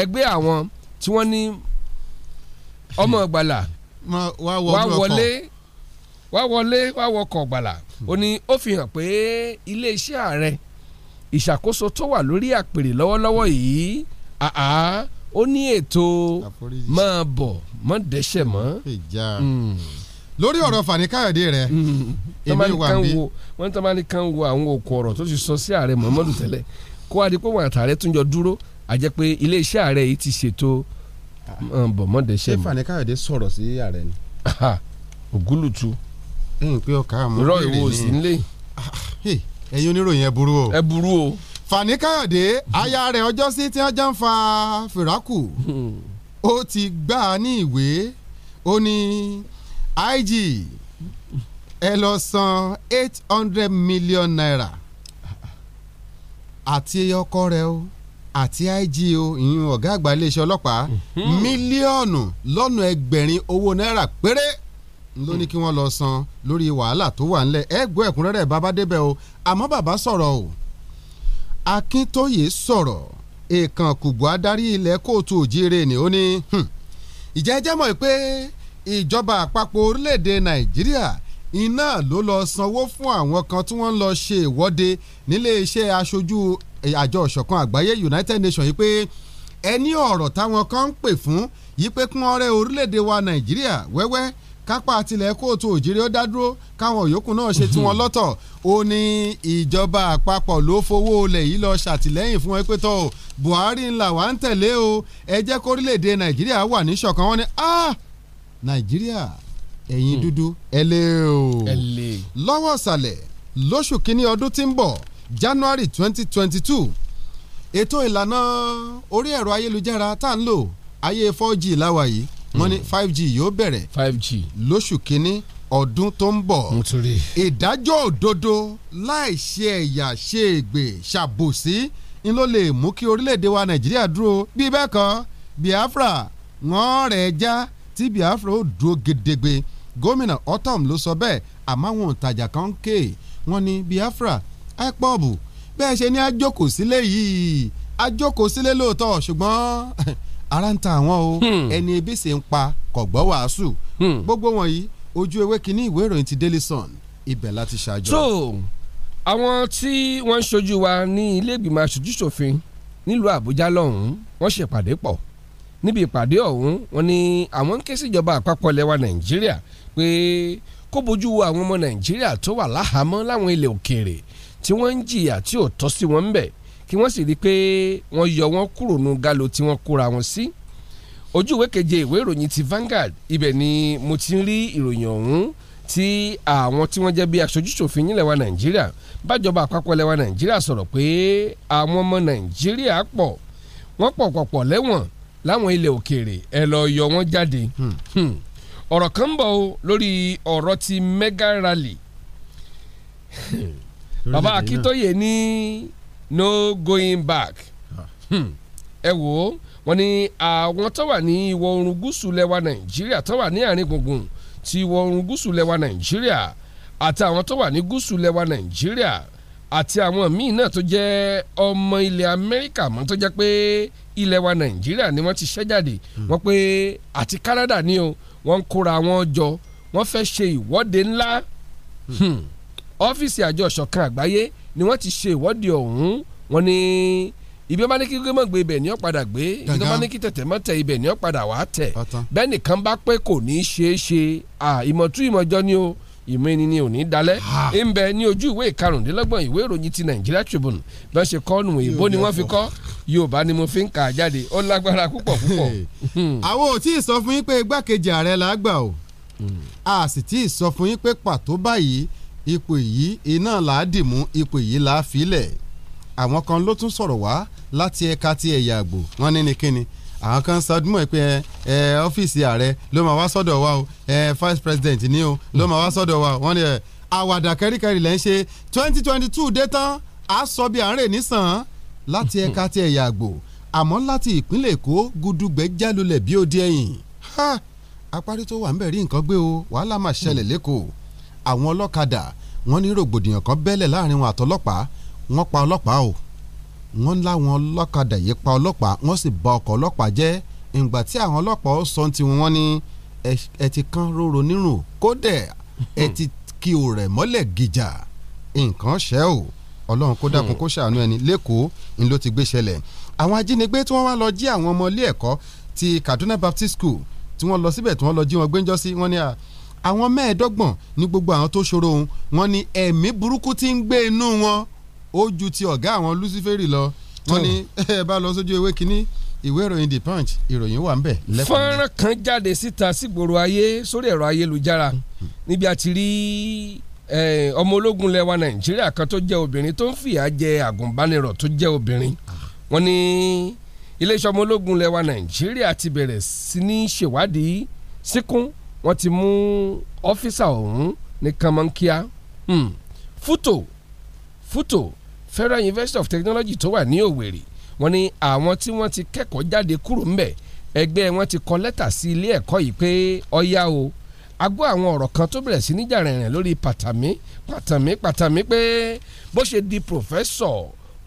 ẹgbẹ́ àwọn tí wọ́n ní ọmọ ìgbàlà wá wọlé wá wọlé wá wọkọ̀ ìgbàlà ó ní ó fi hàn pé iléeṣẹ́ ààrẹ ìṣàkóso tó wà lórí àpèrè lọ́wọ́lọ́wọ́ yìí àá ó ní ètò máa bọ̀ mọ́ dẹ́sẹ̀ mọ́. Hmm. lórí ọ̀rọ̀ Fani Káyọ̀dé rẹ̀ hmm. èmi wà bí. wọ́n tán bá ní kán wo àwọn òkú ọ̀rọ̀ tó ti sọ sí ààrẹ Muhammadu tẹ́lẹ̀ kó adigun wọn àtàrẹ tún jọ dúró àjẹ́ pé iléeṣẹ́ ààrẹ yìí ti ṣètò bọ̀ mọ́ dẹ́sẹ̀ mọ́. ṣé Fani Káyọ̀dé sọ̀rọ̀ sí ààrẹ ni. ògúlùtù. ẹ̀yin pé ọkà àmọ́ ìrọ̀ ìwòsí nílé. Ah, ẹ̀yin oníròyìn ẹ burú o. ẹ burú o. Fani Káyọ̀dé aya rẹ̀ ọjọ́ sí tí wọ́n já ń fa fìràkù hmm. ó ti gbà á ní ìwé ó ní IG ẹ lọ san eight hundred million naira àti ọkọ rẹ o àti IG o ìyún ọ̀gá àgbà iléeṣẹ́ ọlọ́pàá hmm. mílíọ̀nù lọ́nà ẹgbẹ̀rin owó náírà péré ló ní kí wọ́n lọ san lórí wàhálà tó wà ńlẹ̀ ẹ gbọ́ ẹ̀kúnrẹ́rẹ́ bàbá débẹ̀ o àmọ́ bàbá sọ̀rọ̀ o. Akíntóyè sọ̀rọ̀ èèkànkùgbọ́ adarí ilẹ̀ kóòtù òjire ni ó ní ìjẹ́jẹ́ hmm, mọ̀ pé ìjọba àpapọ̀ orílẹ̀-èdè Nàìjíríà iná ló lọ sanwó fún àwọn kan tí wọ́n lọ ṣe ìwọ́de níléeṣẹ́ aṣojú eh, àjọ ìṣọ̀kan àgbáyé United Nations yìí pé ẹni ọ̀rọ̀ táwọn kan ń pè fún yìí pé kí wọ́n rẹ́ orílẹ̀-èdè wa Nàìjíríà wẹ́wẹ́ kápá tilẹ̀ kóòtù òjìrì ó dá dúró káwọn yòókù náà ṣe tiwọn lọ́tọ̀ ó ní ìjọba àpapọ̀ ló fowó olè yìí lọ ṣàtìlẹ́yìn fún ẹ pé tọ́ o Buhari ńlá wa ń tẹ̀lé o ẹ jẹ́ kórílẹ̀‐èdè Nàìjíríà wà ní ṣọ̀kan wọn ni ah Nàìjíríà ẹ̀yin hmm. dúdú ẹ lé o lọ́wọ́ ọ̀sàlẹ̀ lóṣù kínní ọdún tí ń bọ̀ January twenty twenty two ètò ìlànà orí ẹ̀rọ ayélujára tá à ń lò ayé four g láwa yìí wọ́n ní five g yóò bẹ̀rẹ̀ five g lóṣù kínní ọdún tó ń bọ̀ ìdájọ́ òdodo láì ṣe ẹ̀yà ṣe ègbè ṣàbòsí ń ló lè mú kí orílẹ̀-èdè wa nàìjíríà dúró bí bẹ́ẹ̀ kan biafra wọ́n rẹ̀ já tí biafra ó dúró gedegbe gómìnà otom ló sọ bẹ́ẹ̀ àmọ́ àwọn òǹtajà kan ń ké wọ́n ní biafra ipob bẹ́ẹ̀ ṣe ní ajókòó sílé yìí ajókòó sílé lóòótọ́ ṣùgbọ́n ara ń ta àwọn o hmm. ẹni ebi sì ń pa kò gbọ́ wàásù hmm. gbogbo wọn yìí ojú ewé kínní ìwé ìròyìn ti Daily Sun ibẹ̀ láti ṣàjọ. so àwọn tí wọ́n ń ṣojú wa ní ilé ìgbìmọ̀ aṣojúṣòfin nílùú Àbújá lọ́hùn-ún wọ́n ṣèpàdé pọ̀ níbi ìpàdé ọ̀hún wọ́n ní àwọn ń ké síjọba àpapọ̀ lẹ́wà Nàìjíríà pé kó bójú wo àwọn ọmọ Nàìjíríà tó wà láhàámọ́ láwọn ilẹ̀ òkèèrè tí wọ́n ń jìyà tí ò tọ́ sí wọn ń bẹ̀ kí wọ́n sì rí i pé wọ́n yọ wọ́n kúrò nù galo tí wọ́n kóra wọn sí ojú ìwé keje ìwé ìròyìn ti Vanguard ibẹ̀ ni mo ti ń rí ìròyìn ọ̀hún tí àwọn tí wọ́n jẹ́ bí aṣojúṣòfin nílẹ̀ wa Nàìjíríà bájọba àpapọ̀ ilẹ̀ wa Nàìjíríà sọ̀rọ̀ pé àwọn ọmọ Nàìjíríà pọ̀ wọ́n pọ̀ pọ̀ lẹ́wọ̀n láwọn ilẹ̀ òkèèrè ẹ lọ yọ wọ́n jáde hmm. Hmm. ọ̀rọ̀ kan ń bọ̀ o lórí ọ̀rọ̀ ti mega rally hmm. bàbá Akíntóyè ní no going back ah. hmm. ẹ wò ó wọ́n ní àwọn tó wà ní ìwọ̀ oòrùn gúúsù lẹwa nàìjíríà tó wà ní àárín gbùngbùn ti ìwọ̀ oòrùn gúúsù lẹwa nàìjíríà àti àwọn tó wà ní gúúsù lẹwa nàìjíríà àti àwọn míì náà tó jẹ́ ọmọ ilẹ̀ amẹ́ríkà mọ́ tó jẹ́ pé ilẹ̀ wa nàìjíríà ni wọ́n ti ṣẹ́ jáde hmm. wọ́n pé àti canada ni o wọ́n ń kóra wọn jọ wọ́n fẹ́ ṣe ìwọ́de ńlá hmm. ọ́fíìsì àjọ ìṣọ̀kan àgbáyé ni wọ́n ti ṣe ìwọ́de ọ̀hún wọ́n ní ibi wọ́n bá ní kí gbé mọ̀ gbé ibẹ̀ ní ó padà gbé ibi wọ́n bá ní kí tẹ̀tẹ̀ mọ̀ tẹ̀ ibẹ̀ ní ó padà wá tẹ̀ bẹ́ẹ̀ nìkan bá pé kò ní í ṣeé ṣe ìmọ̀tún ìmọ̀jọ́ ni o ìmọ̀ ẹni ni ò ní dalẹ̀ ń bẹ ní ojú ìwé ìkarùndínlọ́gbọ̀n ìwé ìròyìn ti Nigeria Tribune bá ṣe kọ́ nù ìbò ni wọ́n fi kọ́ Yorùbá ni mo fi ń kà á jáde ó lágbára púpọ̀ púpọ̀. Hmm. àwọn ò tí ì sọ fún yín pé igbákejì ààrẹ làá gbà o hmm. a sì tí ì sọ fún yín pé pàtó báyìí ipò èyí iná làádìmú ipò èyí làá filẹ̀ àwọn kan ló tún sọ̀rọ̀ wá láti ẹ̀ka ti ẹ̀yà àgbò wọn ní ni kíni àwọn kan sọdún mọ̀ pé ẹ ọ́fíìsì ààrẹ ló máa wá sọ́dọ̀ wa o ẹ vice president ni o ló máa wá sọ́dọ̀ wa wọ́n ní ẹ àwàdà kẹ́ríkẹ́rí lẹ́ ń ṣe twenty twenty two dé tán a sọ bí àárẹ̀ nísàn láti ẹ̀ka ti ẹ̀yà àgbò àmọ́ láti ìpínlẹ̀ èkó gudugbe jálulẹ̀ bí ó di ẹ̀yìn apárí tó wà ń bẹ̀ rí nǹkan gbé o wàhálà máa ṣẹlẹ̀ lẹ́kọ̀ọ́ àwọn ọlọ́kadà wọ́n ní rògbòdìyàn kan bẹ́lẹ̀ láàrin wọn àtọlọ́pàá wọ́n pa ọlọ́pàá o wọ́n láwọn ọlọ́kadà yìí pa ọlọ́pàá wọ́n sì bà ọkọ̀ ọlọ́pàá jẹ́ ìgbà tí àwọn ọlọ́pàá ó sọ ti wọn ní ẹ ti kán róró nírùn kódẹ̀ ẹ ti kí o rẹ̀ mọ́lẹ̀ gìjà nǹkan ṣẹ́ o ọlọ́run kó dákun kó ṣàánú ẹni lẹ́kọ̀ọ́ ń ló ti gbé ṣẹlẹ̀ àwọn ajínigbé tí wọ́n wá lọ jí àwọn ọmọ ilé ẹ̀kọ́ ti Kaduna Baptist School tí wọ́n lọ síbẹ̀ tí wọ́n lọ jí wọn gbẹ́njọ́ sí wọ́n ní à àwọn mẹ́ẹ̀ẹ́dọ́gbọ̀n ní gbogbo àwọn tó ṣòro òun wọ́n ní ẹ̀mí burúkú tí ń gbé inú wọn ó ju ti ọ̀gá àwọn Luciferi lọ wọ́n ní ẹ bá lọ sójú ewé kínní ìwé ìròyìn the punch ìròyìn wà ń bẹ̀ lẹ́kọ̀ọ́. fọ́nrán kan jáde síta sígboro ayé sórí ẹ̀rọ ayélujára níbi a rí ọmọ ológun lẹwa nàìjíríà kan tó jẹ́ obìnrin tó ń fìyà jẹ àgùnbánirọ̀ tó jẹ́ obìnrin wọ́n ní iléeṣẹ́ ọmọ ológun lẹwa nàìjíríà ti bẹ̀rẹ̀ sí ní ṣèwádìí síkún wọ́n ti mú ọ́fíìsà ọ̀hún ní kànmọ́nkíá hmm. fútò fútò Federal University of Technology tó wà ní Òwèrè wọ́n ní àwọn tí wọ́n ti kẹ́kọ̀ọ́ jáde kúrò ńbẹ̀ ẹgbẹ́ wọn ti kọ lẹ́tà sí ilé ẹ̀kọ́ yìí pé ọ̀yá o agbó àwọn ọ̀rọ̀ kan tó bẹ̀rẹ̀ sí níjà rìnrìn lórí pàtàmí pàtàmí pàtàmí pé bó ṣe di pòfẹ́sọ̀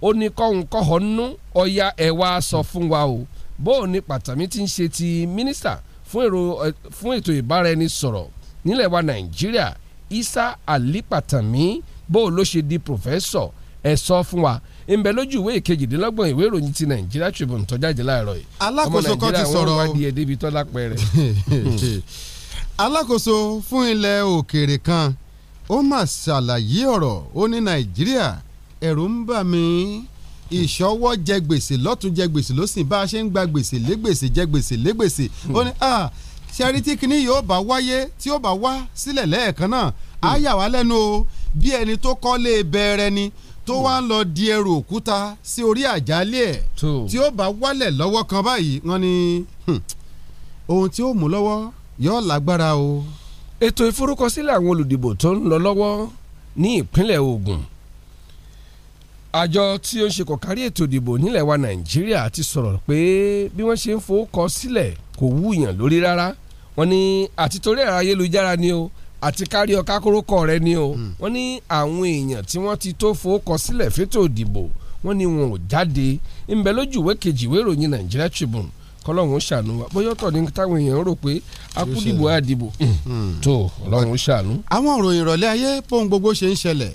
ó ní kọ́hún-kọ́hún nú ọ̀yá ẹ̀ wá sọ fún wa o bó o ní pàtàmí ti ń ṣe ti mínísítà fún ètò ìbáraẹnisọ̀rọ̀ nílẹ̀ wa nàìjíríà isa alipatami bó ló ṣe di pòfẹ́sọ̀ ẹ sọ fún wa ńbẹ lójú ìwé ìkejìdínlọ́gbọ̀n ìwé ìròyìn ti nàìjíríà tribune tó jáde láàárọ̀ yìí alákòóso kan ti sọ̀rọ̀ ọmọ nàìjíríà wọn wá di ẹdẹbi tọ́lá pẹ́rẹ́. (laughs) alákòóso fún ilẹ̀ òkèèrè kan ó mà ṣàlàyé ọ̀rọ̀ ó ní nàìjíríà ẹ̀rù ń bà mí ìṣọwọ́ jẹ gbèsè lọ́tún jẹ gbèsè lọ́sìn bá a ṣe ń gba gbèsè lé gbèsè jẹ gbèsè lé gbèsè ó ní ṣẹ́rí tí kinní yóò bá wáyé tí ó bá wá sílẹ̀ lẹ́ẹ̀kan náà á yà wá lẹ́nu o bí ẹni tó kọ́lé bẹ̀rẹ̀ ni tó wá ń lọ di ẹrù òkúta sí orí àjálẹ̀ ẹ̀ tí ó bá wálẹ̀ lọ́wọ́ kan báyìí wọ́n ní ohun tí ó mú lọ́wọ́ yóò lágbára o. ètò ìforúkọsílẹ̀ àwọn olùdìbò tó ń lọ lọ́wọ́ ní ìpínlẹ̀ Ògùn àjọ tí ó ń ṣe kọ̀kárí ètò ìdìbò nílẹ̀ wa nàìjíríà ti sọ̀rọ̀ pé bí wọ́n ṣe ń fowókọ sílẹ̀ kò wúyàn lórí rárá wọ́n ní àti torí ẹ̀rọ ayélujára ni o àti kárí ọ̀ká kórókọ̀ rẹ ni o hmm. wọ́n ní àwọn èèyàn tí wọ́n ti tó fowókọ sílẹ̀ fétò ìdìbò wọ́n ní wọn ò jáde ńbẹ lójú ìwé kejì ìwé ìròyìn Nigeria Tribune kọlọ́run ó ṣàánú wa bóyá ọ̀tọ̀ ni táwọn èèyàn rò pé akúdìbò àdìbò hmm. tó ọlọ́run ó ṣàánú. àwọn òròyìn ìrọ̀lẹ́ ayé pohun gbogbo ṣe ń ṣẹlẹ̀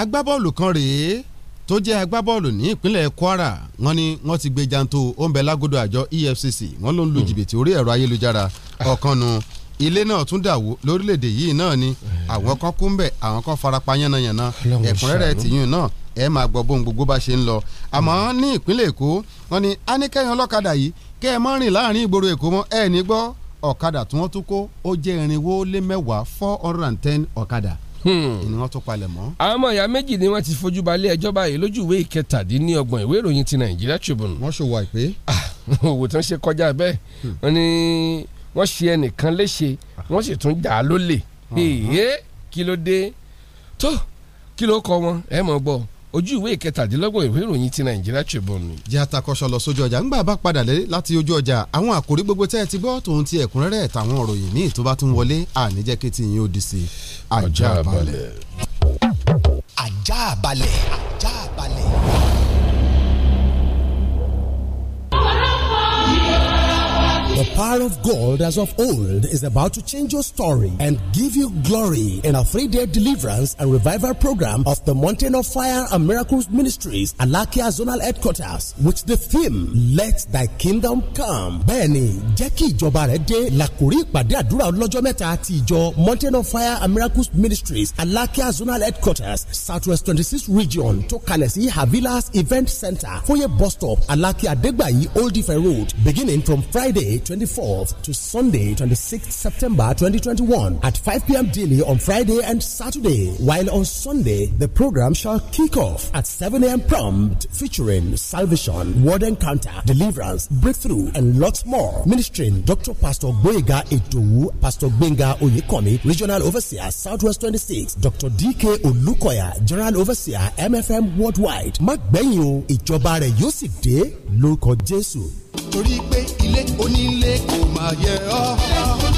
agbábọ́ọ̀lù kan rèé tó jẹ́ agbábọ́ọ̀lù ní ìpínlẹ̀ Kwara wọ́n ní wọ́n ti gbé janto oúnbẹ lágodo àjọ EFCC wọ́n ló ń lu hmm. jìbìtì orí ẹ̀rọ ayélujára ọ̀kan nu ilé náà tún dà wó lórílẹ̀‐èdè yìí náà ni àwọn kan kú ń bẹ̀ àwọn kan farapa yánnayànna ẹ̀kúnrẹ́rẹ́ tìyún náà ẹ máa gbọ́ bóun gbogbo bá ṣe ń lọ àmọ́ hmm. ní ìpínlẹ̀ Èkó wọ́n ní anikẹ́yìn ọlọ́kadà yìí kẹ́ ẹ mọ́ rìn láàrin ìgboro Èkó mọ́ ẹ ní gbọ́ ọ̀kadà tí wọ́n tún kó ó jẹ́ irinwó lé mẹ́wàá four hundred and ten ọ̀kadà ni wọ́n tún palẹ̀ mọ́. àwọn ọmọ ìyá méjì ni wọ́n ti fojú balẹ̀ ẹjọ́ báyìí lójú ìwé ìkẹtàdínlọ́gbọ̀n ìwé ìròyìn ti Nàìjíríà Tribune. wọ́n ṣòwò àìpé. Ah, (laughs) òwò tí wọ́n ṣe kọjá bẹ́ẹ̀ hmm. wọ́n ní wọ́n ṣe ẹnìkan léṣe wọ́n sì tún dà á lólè. kí ló dé tó kí ló kọ wọn ẹ mọ̀ gbọ́ ojú ìwé ìkẹtàdínlọ́gbọ̀n ìwé ìròyìn ti nàìjíríà Tribune. jẹ́ àtàkọ́ṣọ lọ sójú ọjà ńgbà bá padà lé láti ojú ọjà àwọn àkòrí gbogbo tẹ́ ẹ ti gbọ́ tòun ti ẹ̀kúnrẹ́rẹ́ táwọn òròyìn míì tó bá wọlé àníjẹ́ kí ti yín ó di sí i. ajá balẹ̀. ajá balẹ̀. ajá balẹ̀. The power of gold, as of old is about to change your story and give you glory in a three-day deliverance and revival program of the Mountain of Fire and Miracles Ministries, Alakia Zonal Headquarters, with the theme Let Thy Kingdom Come. Benny, Jackie, Jobarede, ìjọba rẹ̀ dé làkúrí ìpàdé àdúrà ọlọ́jọ́ Mountain of Fire and Miracles Ministries, Alakia Zonal Headquarters, Southwest 26 Region, tó kalẹ̀ Havilas Event Center, Foye Bus Stop, Alakia Adegbayi Old Road, beginning from Friday 24th to Sunday, 26th September 2021 at 5 p.m. daily on Friday and Saturday, while on Sunday, the program shall kick off at 7 a.m. prompt featuring salvation, word encounter, deliverance, breakthrough, and lots more. Ministering Dr. Pastor Boyega Edowu, Pastor Benga Oyekomi, Regional Overseer, Southwest 26, Dr. DK Olukoya, General Overseer, MFM Worldwide. Má Benyo o, ìjọba dé lórúkọ Jésù. torí pé ilé onílé kò máa yẹ ọ́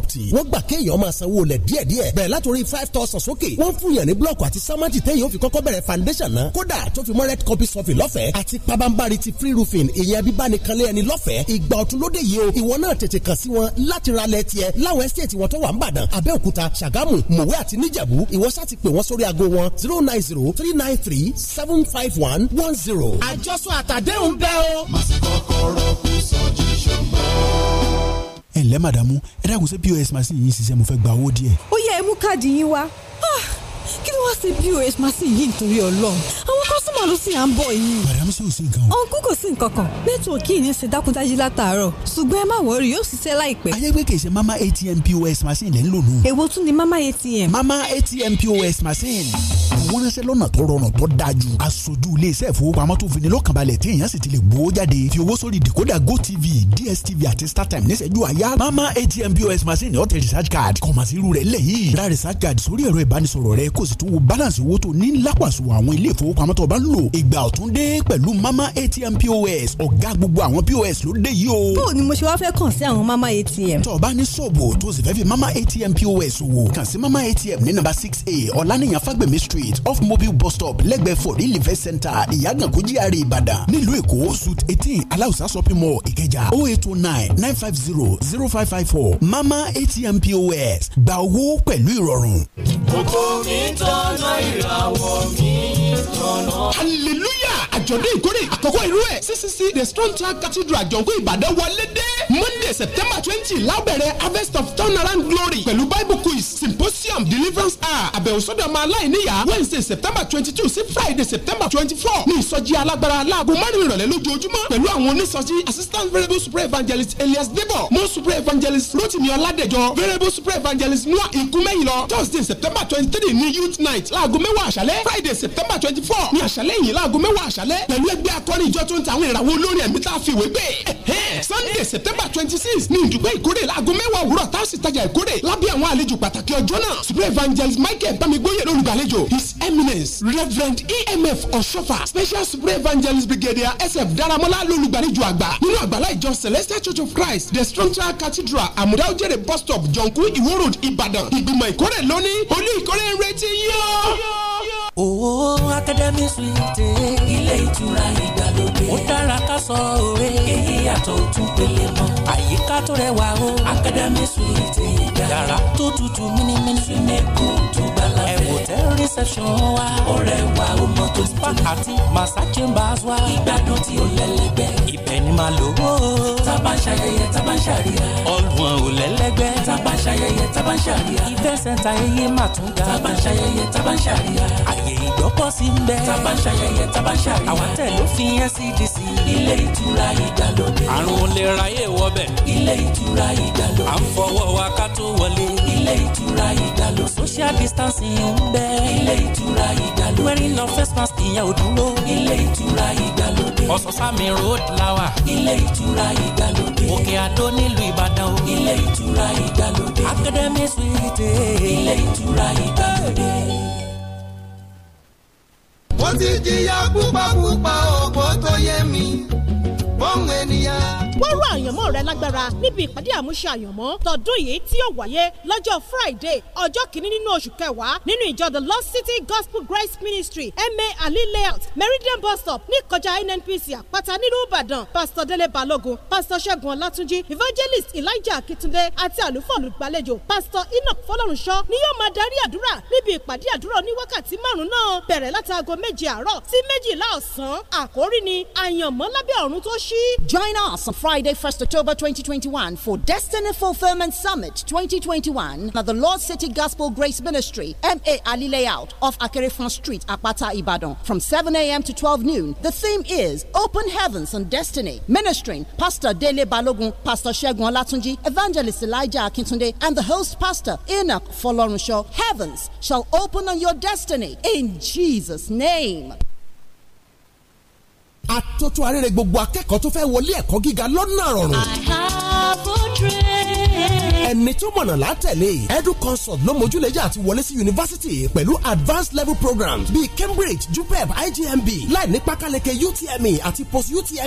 property wọ́n gbà kéèyàn máa sanwó lẹ̀ díẹ̀díẹ̀ bẹ̀rẹ̀ látòrí five thousand sókè wọ́n fún yàn ní blọ́ọ̀kù àti sámẹ́ǹtì téèyàn fi kọ́kọ́ bẹ̀rẹ̀ foundation náà kódà tó fi mọ́ copy sọ́fì lọ́fẹ̀ẹ́ àti pabambari ti free roofing ìyẹn bíbá ni kanlé ẹni lọ́fẹ̀ẹ́ ìgbà ọ̀tun lóde yìí o ìwọ náà tètè kàn sí wọn láti ra lẹ̀ tiẹ̀ láwọn estate wọn tó wà ń bàdàn abẹ́òkúta ṣàgámù mọ̀wé àti níjẹ̀bú ìwọ sá ti pè wọ́n sórí aago wọn zero nine zero three nine three seven five one one zero. àjọsọ àtàdéhùn bẹ́ẹ̀ o. màsí kọ́kọ́rọ́ kù sọ́jí ṣùgbọ́n ẹ ǹlẹ́ màdàmú ẹ dákun ṣé pos machine yìí ṣiṣẹ́ mo fẹ́ gba owó díẹ̀. ó yẹ ẹ mú káàdì yín wá kí ló wá ṣe pos machine yìí nítorí Ọlọ́run àwọn kọ́sùmọ̀ ló sì à ń bọ̀ yìí. madam sí nǹkan o. ọ̀nkú kò sí nǹkan kan nẹ́tíwọ̀kì yìí ń ṣe dákúndájí látàárọ̀ ṣùgbọ́n ẹ má wọrí yóò ṣiṣẹ́ láìpẹ́. ayégbé kì mama atm pos machine lẹ́ ń lò nù. èwo tún ni mama atm. mama atm pos machine. wọ́n ránṣẹ́ lọ́nà tó rọrùn tó dájú. aṣojú iléeṣẹ́ ìfowópamọ́ tó fini lọ́kànbalẹ̀ tí èèyàn sì ti lè gbowó jáde fi owó sórí decoder gotv dstv àti startime níṣẹ́jú àyà. mama atm pos machine ọ̀tẹ̀ research card kọ̀mọ̀sí irú rẹ̀ lẹ́yìn. ra research card sórí ẹ̀rọ ìbánisọ̀rọ̀ rẹ kó sì tún balance owó tó ní lápàṣù àwọn ilé ìfowópamọ́ tó bá ń lò ìgbà ọ̀tún dé pẹ̀lú mama atm pos ọ̀gá gbogbo àwọn pos ló dé yìí o. bó ni mo ṣe wá fẹ́ kàn sí àwọn mama atm. tó bá ní ṣọ́ọ̀bù tó sì fẹ́ fi mama atm pos wò kàn sí mama atm ní nàmbà six a ọ̀lànìyàn fagbemi street off mobile bus stop lẹ́gbẹ̀ẹ́ for real event center ìyàgànkó GRA e ìbàdàn nílùú èkó suit eighteen aláùsá shopping mall ìkẹjà oh eight oh nine nine five zero zero five five four mama atm pos gba owó pẹ̀lú ìrọ̀rùn. kókó mi tọ́nà ìràwọ̀ mi tọ́nà. hallelujah àjọ̀dún ìkórè àkọ́kọ́ irú ẹ̀ ccc the strong track cathedral àjọ̀kọ́ ìbàdàn wọlé dé monday september twenty lábẹ̀rẹ̀ harvest of turnaround glory pẹ̀lú bible quiz symposium deliverance hour àbẹ̀wò sọ́dọ̀ ọmọ aláìníyá wednesday september twenty two sí friday september twenty four ní ìsọjí alágbára aláàbò márùn ìrọ̀lẹ́ lójoojúmọ́ pẹ̀lú àwọn onísọjí assistant variable super evangelist elias debo mo super evangelist rotimi ọládẹjọ variable super evangelist noah ikumeyilọ thursday september twenty three ní ut youth night láago mẹ́wàá àṣálẹ́ friday september twenty four ní àṣálẹ́ yìí láago mẹ́wàá àṣálẹ́ pẹ̀lú ẹgbẹ́ akọrin ìjọ tó ń ta àwọn ìràwọ̀ olórin ẹ̀mí tá a fi ìwé gbé sunday september twenty six ní ìdúgbò ìkórè láago mẹ́wàá òwúrọ̀ tá a sì tajà ìkórè lábẹ́ àwọn àlejò pàtàkì ọjọ́ náà super evangelist michael bamigboye lolùgbàlejò his eminence reverend emf ọ̀ṣọ́fà special super evangelist brigadier sf daramola lolùgbàlejò àgbà nínú àgbàlá ìjọ celestial church of christ the structural cathedral àmúdáwòjẹrẹ bus stop jọ̀ǹkú ìwó road ìbàdàn ìgbìmọ̀ ìkórè lónìí olú ìkórè ń retí yó. owó akademi suwite. ilé ìtura ìgbàlódé. ó dára ká sọ òwe. èyí yàtọ̀ ojú pele mọ́. àyíká tó rẹwà o. akademi suwite ìgbà. yàrá tó tutù mímímí. sinéku tó gbala fẹ́. ẹ̀wò tẹ́ rìsẹ̀pṣọ̀n wa. ọ̀rẹ́ wa ó mọ tó ti tó. àti massa chambers wa. ìgbádùn tí ó lẹ́lẹ́gbẹ́. ibẹ̀ ni lò tábà ń ṣayẹyẹ tábà ń ṣàríyá. ọ̀gbun ò lẹ́lẹ́gbẹ́ tábà ń ṣayẹyẹ tábà ń ṣàríyá. ìfẹsẹ̀ta ẹyẹ mà tún ga. tábà ń ṣayẹyẹ tábà ń ṣàríyá. àyè ìgbọ́kọ̀ sí ń bẹ. tábà ń ṣayẹyẹ tábà ń ṣàríyá. àwọn tẹ̀ ló fi NCDC. E ilé ìtura ìdàlódé. àrùn olè ra yé wọbẹ̀. ilé ìtura ìdàlódé. à ń fọwọ́ wa ká tó wọlé. ilé ìtura ìdàlódé. social distancing ń bẹ. ilé ìtura ìdàlódé. wearing no face mask ìyẹn ò dúró. ilé ìtura ìdàlódé. ọ̀sán road lawa. ilé ìtura ìdàlódé. òkè àdó nílùú Ìbàdàn o. ilé ìtura ìdàlódé ìgbàlódé. Academy Suite. Ilé ìtura ìgbàlódé. Mo ti jìyà púpàpúpà ọ̀pọ̀ tó yé mi, bọ́ọ̀mù ènìyàn wọ́n rọ àyànmọ́ rẹ lágbára níbi ìpàdé àmúṣe àyànmọ́ tọdún yìí tí yóò wáyé lọ́jọ́ Friday ọjọ́ kìíní nínú oṣù kẹwàá nínú ìjọ the Lost City Gospel Grace Ministry ma ali layout Meridian bus stop ní kọjá NNPC àpáta nílùú Ìbàdàn Pastor Délé Balógun Pastor Ṣẹ́gun Ọlátúnjí Evangelist Elijah Akitunde àti àlùfọ́ olùgbàlejò Pastor Enoch Fọlọ́runṣọ́ ni yóò máa darí àdúrà níbi ìpàdé àdúrà ní wákàtí márùn náà bẹ̀rẹ̀ láti aago méje àárọ̀ sí méjìlá ọ̀sán àkórí ni àyànmọ́ lábẹ́ ọ̀run tó ṣí. Join us on Friday. Friday, 1st October 2021 for Destiny Fulfillment Summit 2021 at the Lord City Gospel Grace Ministry, MA Ali Layout off Akerefon Street, Apata, Ibadan from 7 a.m. to 12 noon. The theme is Open Heavens and Destiny. Ministering Pastor Dele Balogun, Pastor Shegun Olatunji, Evangelist Elijah Akintunde, and the host pastor Enoch Folorunshaw. Heavens shall open on your destiny in Jesus' name. àtótó arére gbogbo akẹ́kọ̀ọ́ tó fẹ́ wọlé ẹ̀kọ́ gíga lọ́nà rọrùn. I have a dream ẹni tó mọ̀nà látẹ̀lé edu consult ló mójúlẹ̀jà àti wọlé sí yunifásitì pẹ̀lú advanced level programs bíi cambridge jupeb igmb láì ní pákáleke utme àti post utme